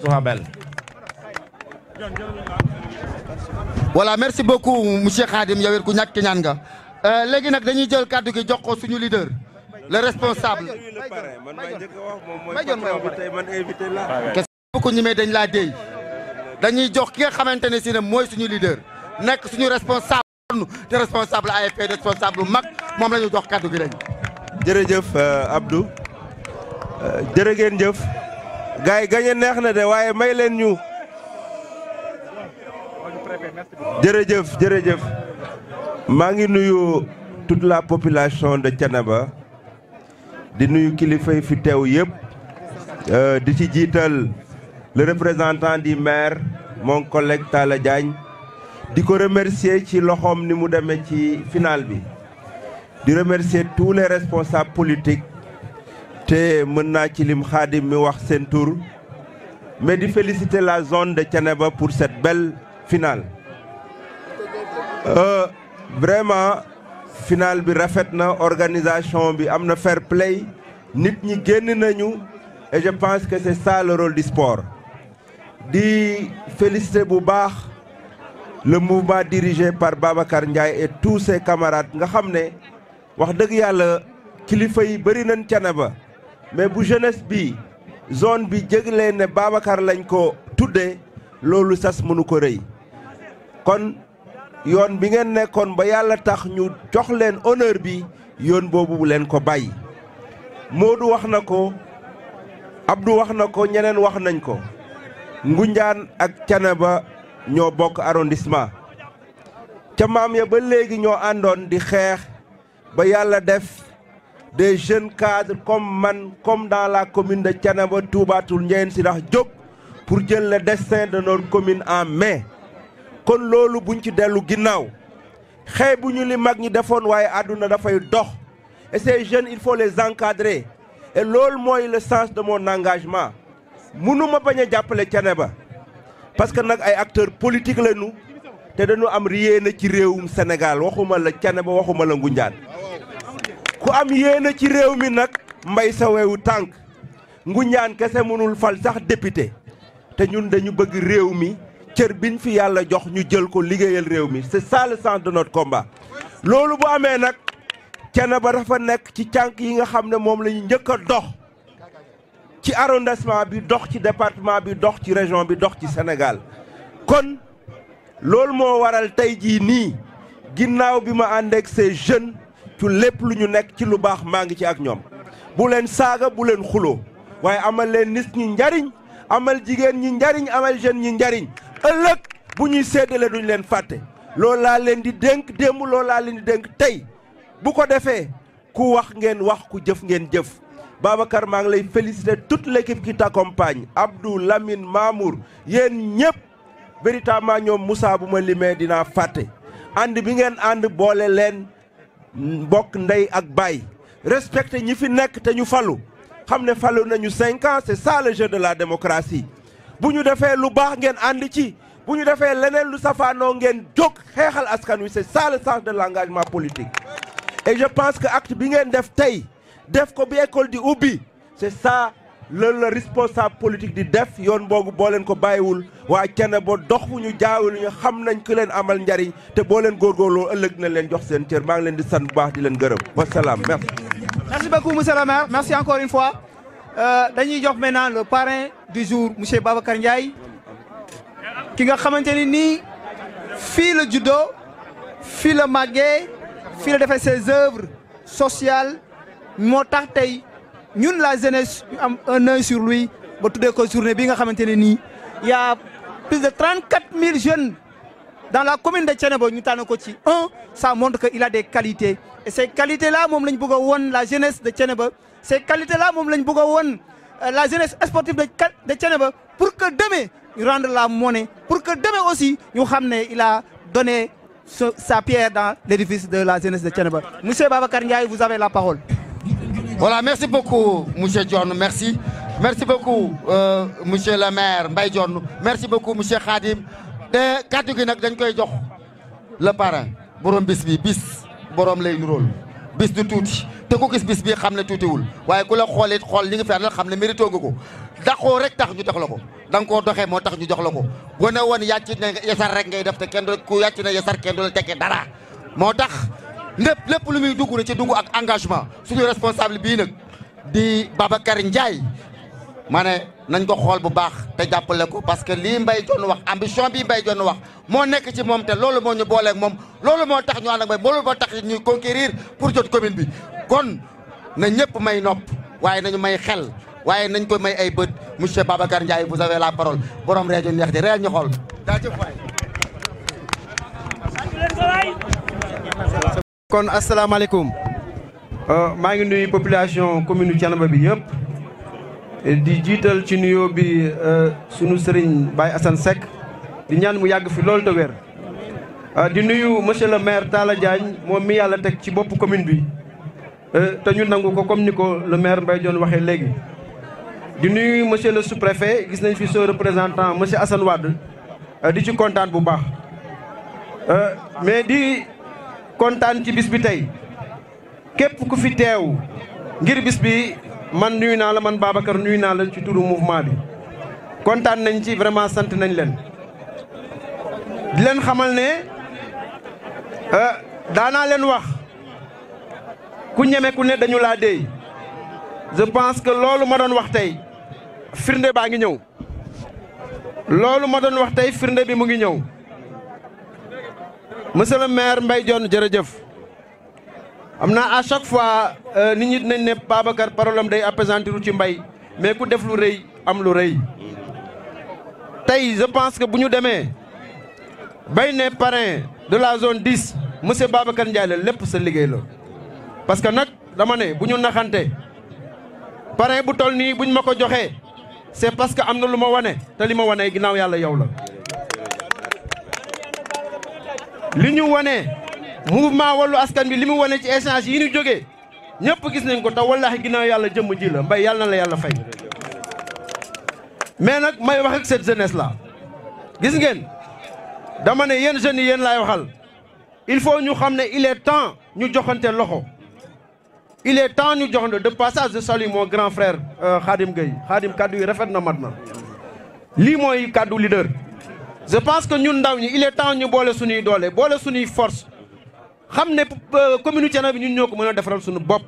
soit merci beaucoup monsieur Khadim yow it ku ñàkk ñaan nga euh, léegi nag dañuy jël kàddu gi jox ko suñu leader. le responsable man invité la. ko ñi dañ laa déy dañuy jox ki nga xamante ne si ne mooy suñu leader. nekk suñu responsable te responsable AFP responsable bu mag moom la ñu jox kàddu gi lañu. jërëjëf euh, Abdou euh, jërë ngeen jëf gars yi gañe neex na de waaye may leen ñu jërëjëf jërëjëf maa ngi nuyu toute la population de Thiénaba di nuyu kilifa yi fi teew yëpp euh, di ci jiital le représentant di maire mon collègue Talla Diagne di ko remercier ci loxoom ni mu demee ci final bi di remercier tous les responsables politiques te mën naa ci lim xaadim mi wax seen tur mais di féliciter la zone de Thiénaba pour cette belle finale euh, vraiment finale bi rafet na organisation bi am na fair play nit ñi génn nañu et je pense que c'est ça le rôle sport di féliciter bu baax le mouvement dirigé par Babacar Ndiaye et tous nga xam ne wax dëgg yàlla kilifa yi bëri nañ ba mais bu jeunesse bi zone bi jéglee ne Babacar lañ ko tuddee loolu sas mënu ko rëy kon yoon bi ngeen nekkoon ba yàlla tax ñu jox leen honneur bi yoon boobu leen ko bàyyi Modou wax na ko Abdou wax na ko ñeneen wax nañ ko Ngunjaan ak Thiénaba ñoo bokk arrondissement ca maam ya ba léegi ñoo àndoon di xeex ba yàlla def des jeunes cadres comme man comme dans la commune de Thiénaba Touba Toul Ndiayène Sirakh jóg pour jël le destin de notre commune en main kon loolu buñ ci dellu ginnaaw xëy bu ñu li mag ñi defoon waaye àdduna dafay dox et ces jeunes il faut les encadrer et loolu mooy le sens de mon engagement munuma bañ a jàppale Thiénaba parce que nag ay acteurs politiques lañu te dañu am yéene ci réewum Sénégal waxuma la Thiénaba waxuma la Ngoundiane ku am yéene ci réew mi nag mbay sa wewu tànk ngu Ngoundiane kese mënul fal sax député te ñun dañu bëgg réew mi cër biñ fi yàlla jox ñu jël ko liggéeyal réew mi c'est ça le sens de notre loolu bu amee nag Thiénaba dafa nekk ci cànk yi nga xam ne moom lañu njëkk a dox ci arrondissement bi dox ci département bi dox ci région bi dox ci senegal kon loolu moo waral tey jii nii ginnaaw bi ma ànd ak ces jeunes ci lépp lu ñu nekk ci lu baax maa ngi ci ak ñoom bu leen saaga bu leen xuloo waaye amal leen nit ñi njariñ amal jigéen ñi njariñ amal jeunes ñi njariñ ëllëg bu ñuy séddale duñ leen fàtte loolu laa leen di dénk démb loolu laa leen di dénk tey bu ko defee ku wax ngeen wax ku jëf ngeen jëf Babacar maa ngi lay féliciter toute l'équipe qui t'accompagne Abdou Lamine Mamour yéen ñëpp véritablement ñoom Moussa bu ma limee dinaa fàtte ànd bi ngeen ànd boole leen mbokk ndey ak baay respecté ñi fi nekk te ñu falu xam ne falu nañu cinq ans c'est ça le jeu de la démocratie bu ñu defee lu baax ngeen ànd ci bu ñu defee leneen lu safaanoo ngeen jóg xeexal askan wi c'est ça le sens de l'engagement politique et je pense que acte bi ngeen def tey def ko bi école di ubbi c'est ça loolu la responsable politique di def yoon boobu boo leen ko bàyyiwul waa kenn boo doxuñu fu ñu jaawul xam nañ ku leen amal njariñ te boo leen góor góorgóorloo ëllëg na leen jox seen cër maa ngi leen di sant bu baax di leen gërëm wasalaam merci. merci beaucoup monsieur le maire merci encore une fois euh, dañuy jox maintenant le parrain du jour monsieur Babacar Ndiaye ki nga xamante ni nii fii la juddoo fii la màggee fii la defee ses œuvres sociales. moo tax tey ñun la jeunesse am un œil sur lui ba tuddee ko journée bi nga xamante ne nii y' a plus de 34 000 jeunes dans la commune de Thiénaba ñu tànn ko ci un ça montre que il a des qualités et ces qualités moom lañ bëgg a woon la jeunes de ba ces qualités là moom lañ bëgg a woon euh, la jeunesse sportive de de ba pour que demain ñu rendre la monnaie pour que demain aussi ñu xam ne il a donné sa pierre dans l'édifice de la jeunesse de Thiénaba monsieur Babacar Ndiaye vous avez la parole. Voilà, merci beaucoup, Monsieur John. Merci. Merci beaucoup, euh, Monsieur le maire Mbaye John. Merci beaucoup, Monsieur Khadim. te kàddu gi nag dañ koy jox le parrain borom bis bi bis borom lay nuróol bis du tuuti te ku gis bis bi xam ne tuutiwul waaye ku la xoolit xool li nga fi xam ne mérito nga ko daqoo rek tax ñu jox la ko da nga koo doxee moo tax ñu jox la ko bu ne woon yàcc na yasar rek ngay def te kenn du ku yàcc na yasar kenn du la dara moo tax lépp lépp lu muy dugg da ci dugg ak engagement suñu responsable bii nag di Babacar Ndiaye ma ne nañ ko xool bu baax te jàppale ko parce que lii Mbaye Dione wax ambition bi Mbaye Dione wax moo nekk ci moom te loolu moo ñu booleeg moom loolu moo tax ñu ànd ak Mbaye loolu moo tax ñuy conquérir pour jot commune bi kon na ñëpp may nopp waaye nañu may xel waaye nañ ko may ay bët monsieur Babacar Ndiaye bu avez la parole borom rajo neex di reel ñu xool daa jëf waay kon asalaamaaleykum euh, maa ngi nuyu population commune Thiénaba bi yëpp di jiital ci nuyoo bi euh, sunu sëriñ Baye Assane Seck di ñaan mu yàgg fi loolu te euh, di nuyu monsieur le maire Talla Diagne moom mi yàlla teg ci boppu commune bi te ñu nangu ko comme ni ko le maire Mbaye Dione waxee léegi. di nuyu monsieur le sous gis nañ fi soo représentant monsieur Assane Wade di ci kontaan bu baax mais di. kontaan ci bis bi tey képp ku fi teew ngir bis bi man nuyu naa la man Babacar nuyu naa la ci turu mouvement bi kontaan nañ ci vraiment sant nañ leen di leen xamal ne euh, daanaa leen wax ku ñeme ku ne dañu laa déy je pense que loolu ma doon wax tey firnde baa ngi ñëw loolu ma doon wax tey firnde bi mu ngi ñëw monsieur le maire Mbaye Dione jërëjëf am na à chaque fois euh, nit ñi dinañ ne Babacar parolam day appesantiru ci mbay mais ku def lu rëy am lu rëy tey je pense que bu ñu demee bay ne parrain de la zone 10 monsieur Babacar Ndiaye la lépp sa liggéey la parce que nag dama ne bu ñu naxante parrain bu toll nii bu ñu ma ko joxee c'est parce que am na lu ma wane te li ma wanee ginnaaw yàlla yow la li ñu wane mouvement wallu askan bi li mu wane ci échange yi ñu jógee ñëpp gis nañ ko te wallaahi ginnaaw yàlla jëmm ji la mbay yàlla na la yàlla fay. mais nag may wax ak cette jeunesse là gis ngeen dama ne yéen jeunes yi yéen laay waxal il faut ñu xam ne il est temps ñu joxante loxo. il est temps ñu joxante de passage je salue mon grand frère euh, Khadim Gueye Khadim kaddu yi rafet na mat na lii mooy kaddu leader. je pense que ñun ndaw ñi il temps ñu boole suñuy doole boole suñuy force xam ne euh, commune Thiénaba bi ñun ñoo ko mën a defaral suñu bopp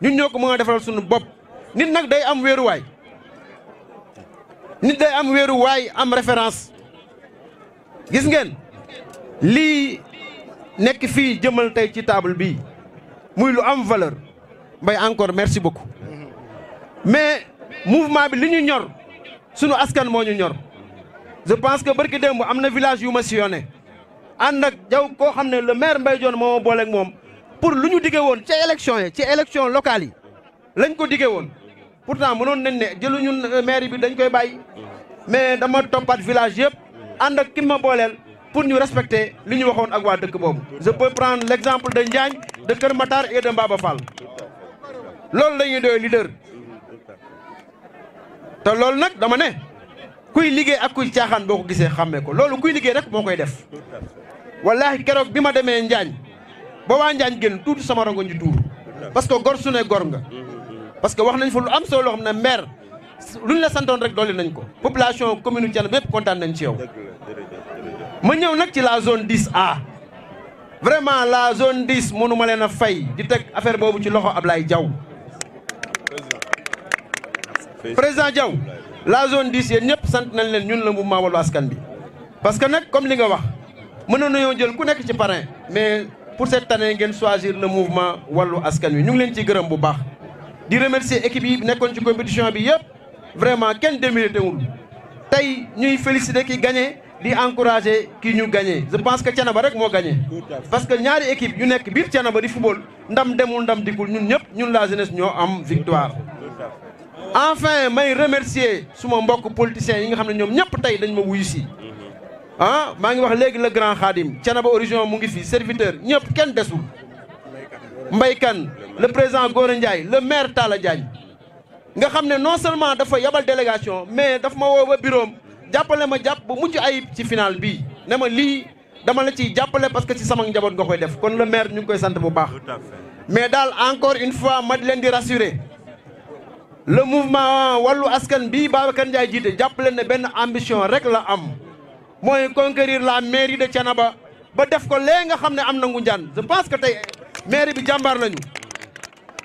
ñun ñoo ko mën a defaral suñu bopp nit nag day am wéeruwaay nit day am wéeruwaay am référence gis ngeen lii nekk fii jëmal tey ci table bii muy lu am valeur mbay encore merci beaucoup mais mouvement bi li ñu ñor sunu askan moo ñu ñor je pense que barki démb am na village yu ma sillonné ànd ak jaw koo xam ne le maire Mbaye Dione moom ma booleeg moom pour lu ñu diggee woon ci élection yi ci élection locale yi lañ ko diggee woon pour pourtant mënoon nañ ne ñu maire bi dañ koy bàyyi mais dama toppaat village yëpp ànd ak ki ma booleel pour ñu respecter li ñu waxoon ak waa dëkk boobu. je peux prendre l' exemple de Njaañ de Kër Matar et de Mbaba Fall loolu la ñuy doy leader te loolu nag dama ne. kuy liggéey ak kuy caaxaan boo ko gisee xàmmee ko loolu kuy liggéey rek moo koy def wallaahi keroog bi ma demee Njaañ ba waa Njaañ génn tuuti sama rongo ñu tuur parce que gor su ne gor nga parce que wax nañ fa lu am solo loo xam ne lu luñ la santoon rek dolli nañ ko population commune Thiénaba bépp kontaan nañ ci yow ma ñëw nag ci la zone 10 A vraiment la zone 10 mënu ma leen fay di teg affaire boobu ci loxo Ablaye Diaw président Diaw la zone 10 yéen ñëpp sant nañ leen ñun la mouvement Wallu Askan bi parce que nag comme li nga wax mën mënoon nañoo jël ku nekk ci parrain mais pour cette année ngeen choisir la mouvement Wallu Askan wi ñu ngi leen ci gërëm bu baax di remercier équipe yi nekkoon ci compétition bi yëpp vraiment kenn démérité wul tey ñuy féliciter ki gagné di encourager ki ñu gagné je pense que Thiénaba rek moo gagné parce que ñaari équipe yu nekk biir na ba di football ndam demul ndam dikul ñun ñëpp ñun la jeunesse ñoo am victoire enfin may remercier suma mbokk politiciens yi nga xam ne ñoom ñëpp tey dañu ma wuyu si ah maa ngi wax léegi le grand xaadim Thiénaba origine mu ngi fi serviteur ñëpp kenn desul mbaykan le président Gora Ndiaye le maire Talla Diagne nga xam ne non seulement dafa yabal délégation mais dafa ma woo ba bureau jàppale ma jàpp bu mucc ayib ci final bi ne ma lii dama la ciy jàppale parce que ci sama njaboot nga koy def kon le maire ñu ngi koy sant bu baax mais daal encore une fois ma leen di rassurer le mouvement wàllu askan bi Babacar Ndiaye jiite jàpp leen ne benn ambition rek la am mooy conquérir la mairie de ca na ba ba def ko lee nga xam ne am na Ngoundiane je pense que tey mairie bi jàmbaar nañu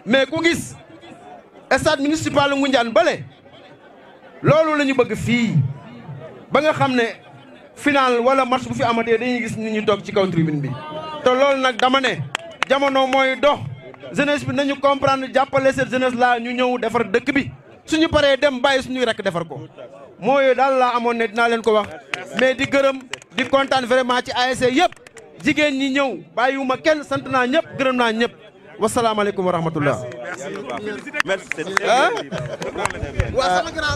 mais ku gis stade municipal Ngoundiane bale loolu lañu bëgg fii ba nga xam ne final wala match bu fi amatee dañuy gis nit ñu toog ci kaw tribune bi te loolu nag dama ne jamono mooy dox jeunesse bi nañu comprendre jàppale cette jeunesse là ñu ñëw defar dëkk bi suñu paree dem bàyyi suñuy rek defar ko moo yooyu daal laa amoon ne dinaa leen ko wax mais di gërëm di kontaan vraiment ci ASC yëpp jigéen ñi ñëw bàyyiwuma kenn sant naa ñëpp gërëm naa ñëpp wasalaamaaleykum wa rahmatullah.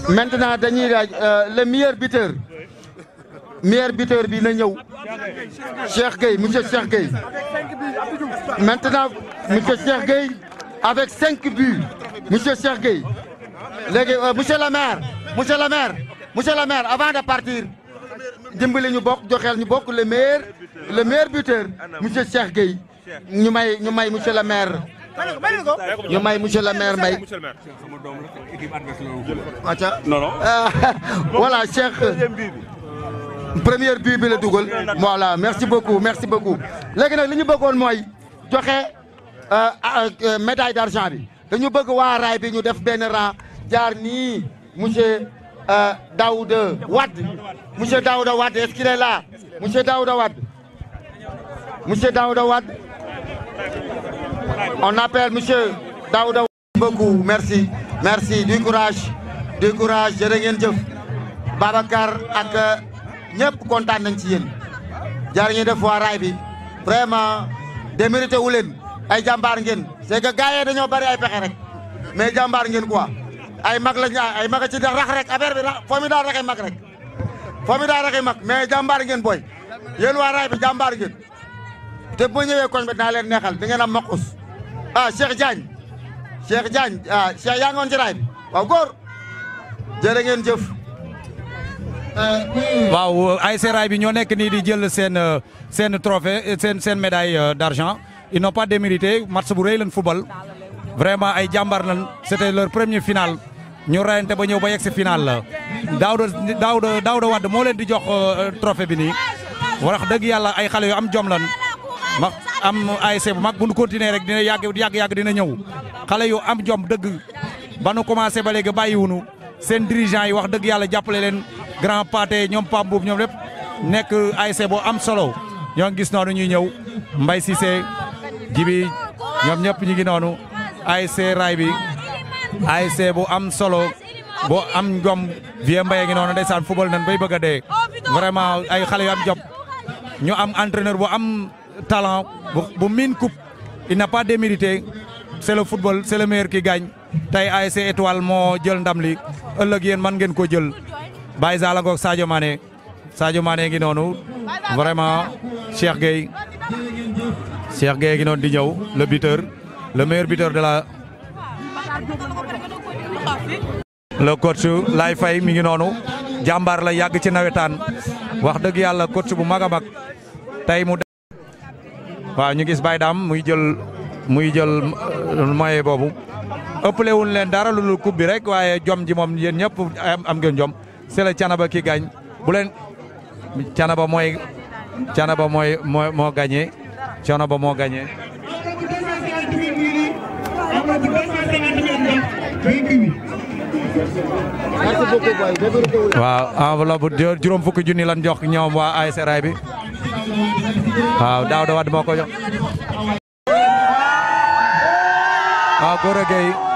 maintenant dañuy laaj euh, le meilleur buteur. meilleur buteur bi na ñëw Cheikh Gueye monsieur Cheikh Gueye maintenant monsieur Cheikh Gueye avec cinq buts monsieur Cheikh Gueye léegi euh, monsieur le maire monsieur le maire monsieur le maire avant de partir dimbali ñu bokk joxeel ñu bokk le meilleur le meilleur buteur monsieur Cheikh Gueye ñu may ñu may monsieur le maire ñu may monsieur le maire Mbaye. non non. voilà Cheikh. première but bi la dugal voilà merci beaucoup merci beaucoup léegi nag li ñu bëggoon mooy joxe euh, euh, euh, médaille d'argent bi dañu bëgg waa raay bi ñu def benn rang jaar nii monsieur Daouda Wade monsieur Daouda Wade est-ce monsieur Daouda Wade monsieur Daouda Wade on appelle monsieur Daouda beaucoup merci merci du courage du ngeen jëf Babacar ak ñëpp kontaan nañ ci yéen jaar ngeen def waa raay bi vraiment démérité wu leen ay jàmbaar ngeen c'est que gars yi dañoo bari ay pexe rek mais jàmbaar ngeen quoi ay mag lañ ay mag a ci rax rek affaire bi rax foo mi daal raxee mag rek foo mi daal raxee mag mais jàmbaar ngeen boy yéen waa raay bi jàmbaar ngeen te bu ñëwee koñ bi dinaa leen neexal di ngeen a maqus ah Cheikh Diagne Cheikh Diagne ah Cheikh ci raay bi waaw góor jërë ngeen jëf waaw ASC Rail bi ñoo nekk nii di jël seen euh, seen trophée euh, seen seen médaille euh, d'argent ils n'ont pas démérité match bu rëy lañ football vraiment ay jàmbaar lañ c'était leur premier final ñu rayante ba ñëw ba yegg si final la Daouda Daouda Daouda Wade moo leen di jox trophée bi nii wax dëgg yàlla ay xale yu am jom lan ma am ASC bu mag bu nu continuer rek dina yàgg yàgg yàgg dina ñëw xale yu am jom dëgg ba nu commencé ba bàyyi bàyyiwunu seen dirigeant yi wax dëgg yàlla jàppale leen grand pâté ñoom Pape Mboup ñoom lépp nekk ASC boo am solo ñoo gis noonu ñuy ñëw Mbaye Cissé Jibi ñoom ñëpp ñu ngi noonu ASC raay bi ASC bu am solo boo am jom vie Mbaye ngi noonu ndeysaan football nañ bay bëgg a dee vraiment ay xale yu am jom ñu am entraîneur bu am talant bu miin coupe il n'a pas démérité c'est le football c'est le tey ASC étoile moo jël ndam li ëllëg yéen man ngeen ko jël Baye Zala ngoog Sadio Mané Sadio ngi noonu vraiment Cheikh Gueye Cheikh Gueye ngi noonu di ñëw le buteur le meilleur buteur de la. le coach lay fay mi ngi noonu jàmbaar la yàgg ci nawetaan wax dëgg yàlla coach bu mag a mag tey mu. waaw ñu gis baay Dame muy jël muy jël euh, moyen boobu. ëppale wuñ leen dara lu dul bi rek waaye jom ji moom yéen ñëpp am ngeen jom c'est le Thiénaba ki gañ bu leen Thiénaba mooy mooy moo moo gagné moo gagné. waaw enveloppe juróom fukki junni lan jox ñoom waa ASC Rail bi waaw Daouda Wade moo ko jox waaw Gora Gueye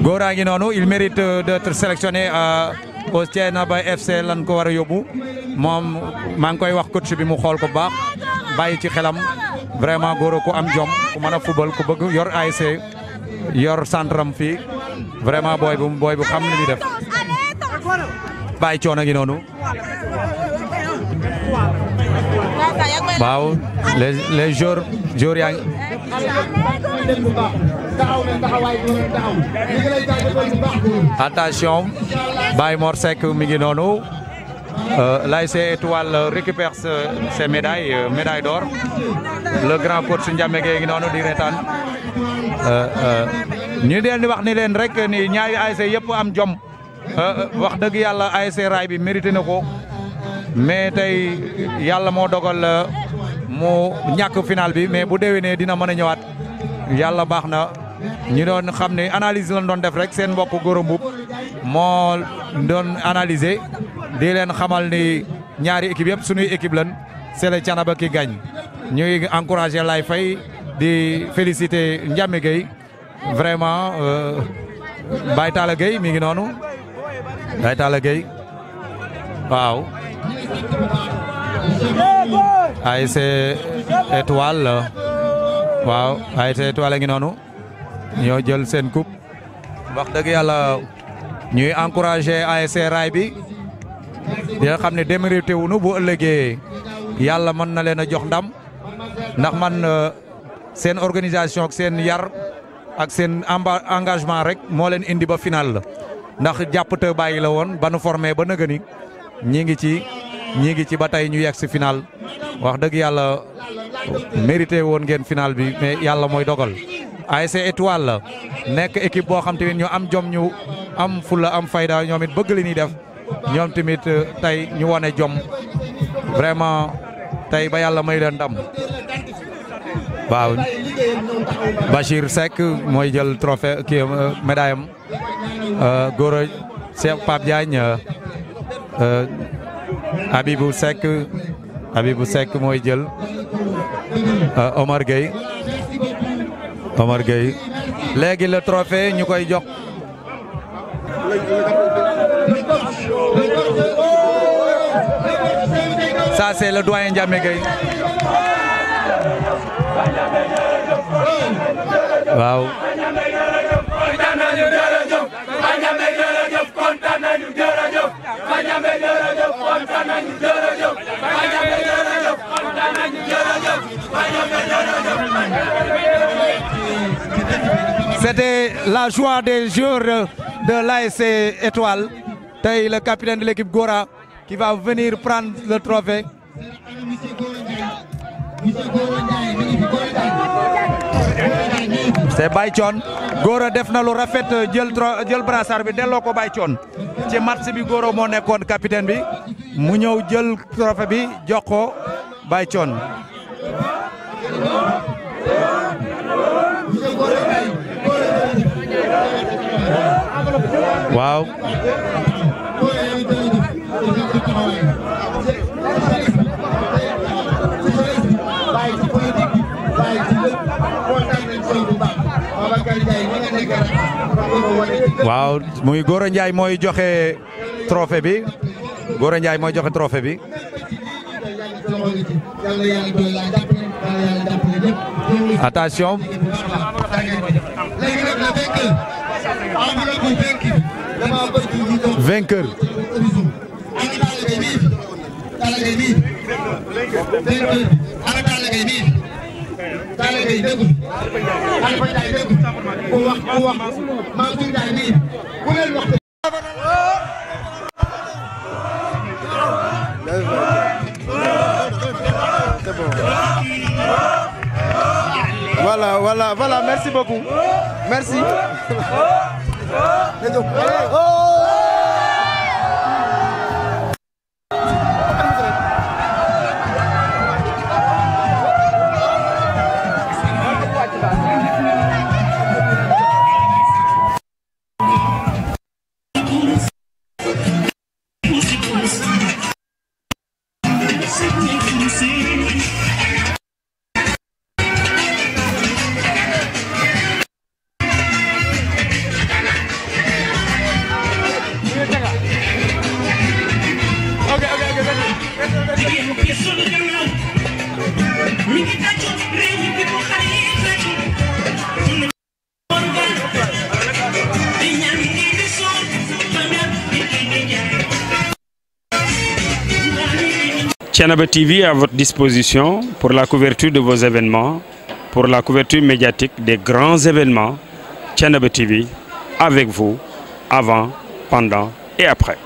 Gora ngi noonu il mérite euh, d'être sélectionné euh, au Thiénaba FC lan ko war a yóbbu moom maa ngi koy wax coach bi mu xool ko baax bàyyi ci xelam vraiment Gora ku am jom ku mën a football ku bëgg yor ASC yor centre fii vraiment booy bu xam li muy def bàyyi coono ngi noonu. waaw les les joueurs joueurs taxaw nañ taxawaay bi nga taxaw ñu ngi lay jaajëfal bu baax attention Baye Mor Seck mi ngi noonu euh, l'ASC Étoile récupère ses médailles euh, médaille le di reetaan euh, ñu leen di wax ni leen rek ni ñaari ASC yëpp am jom wax dëgg yàlla ASC Raay bi mérité na ko mais tey yàlla moo dogal moo ñàkk final bi mais bu déwénee dina mën a ñëwaat yàlla baax na ñu doon xam ne analise lañ doon def rek seen mbokk Gora Mboup moo doon analyser di leen xamal ni ñaari équipe yëpp suñuy équipe lañ c'est le Thiénaba ki gagne ñuy encourager lay Faye di féliciter Ndiame Gueye vraiment euh, Baye Talla Gueye mi ngi noonu Baye Talla Gueye waaw ASC e Étoile waaw ASC e Étoile a ngi noonu ñoo jël seen coupe wax dëgg yàlla ñuy encouragé ASC Rail bi di nga xam ne démérité wunu bu ëllëgee yàlla mën na leen a jox ndam ndax man euh, seen organisation ak seen yar ak seen engagement rek moo leen indi ba final la ndax jàppte bàyyi la woon ba nu ba nëgëni ñi ngi ci ñi ngi ci ba tey ñu yegg si final wax dëgg yàlla mérité woon ngeen final bi mais yàlla mooy dogal. ASC étoile la nekk équipe boo xam te ne ñu am jom ñu am fulla am fayda ñoom it bëgg li ñuy def ñoom tamit euh, tey ñu wane jom vraiment tey ba yàlla may leen ndam waaw Bachir Seck mooy jël trophée kii euh, médaille am euh, góor a Cheikh Pape Diagne Habibou Seck mooy jël Omar Gueye Omar Gueye léegi le trophée ñu koy jox ça c'est le doyen Ndiamé Gueye waaw C'était la joie des joueurs de l'ASC Étoile. Taï, le capitaine de l'équipe Gora, qui va venir prendre le trophée. C'est Baychon. Gora na lu rafet djel djel bi delloo ko Baychon. Ci match bi Gora moo nekkoon capitaine bi mu ñëw jël trophée bi jox Baye waaw waaw muy Gora Ndiaye mooy joxe trophée bi Gora Ndiaye mooy joxe trophée bi loxo ngi ci yal na yàlla doon laa jàppale yal na yàlla jàppale ñëpp. attention. léegi nag le vainqueur. enveloppe vaincu bi. damaa bëgg ñu jox. vainqueur. ak Talla Gaye mii. Talla Gaye mii. vainqueur bi ak Talla Gaye mii. Talla Gaye déggu. Alpha Ndiaye déggu. ku wax ku wax. Mansour Ndiaye mii. ku leen wax. voilà voilà merci beaucoup merci. Oh, oh, oh. Thiénaba TV est à votre disposition pour la couverture de vos événements, pour la couverture médiatique des grands événements. Thiénaba TV, avec vous, avant, pendant et après.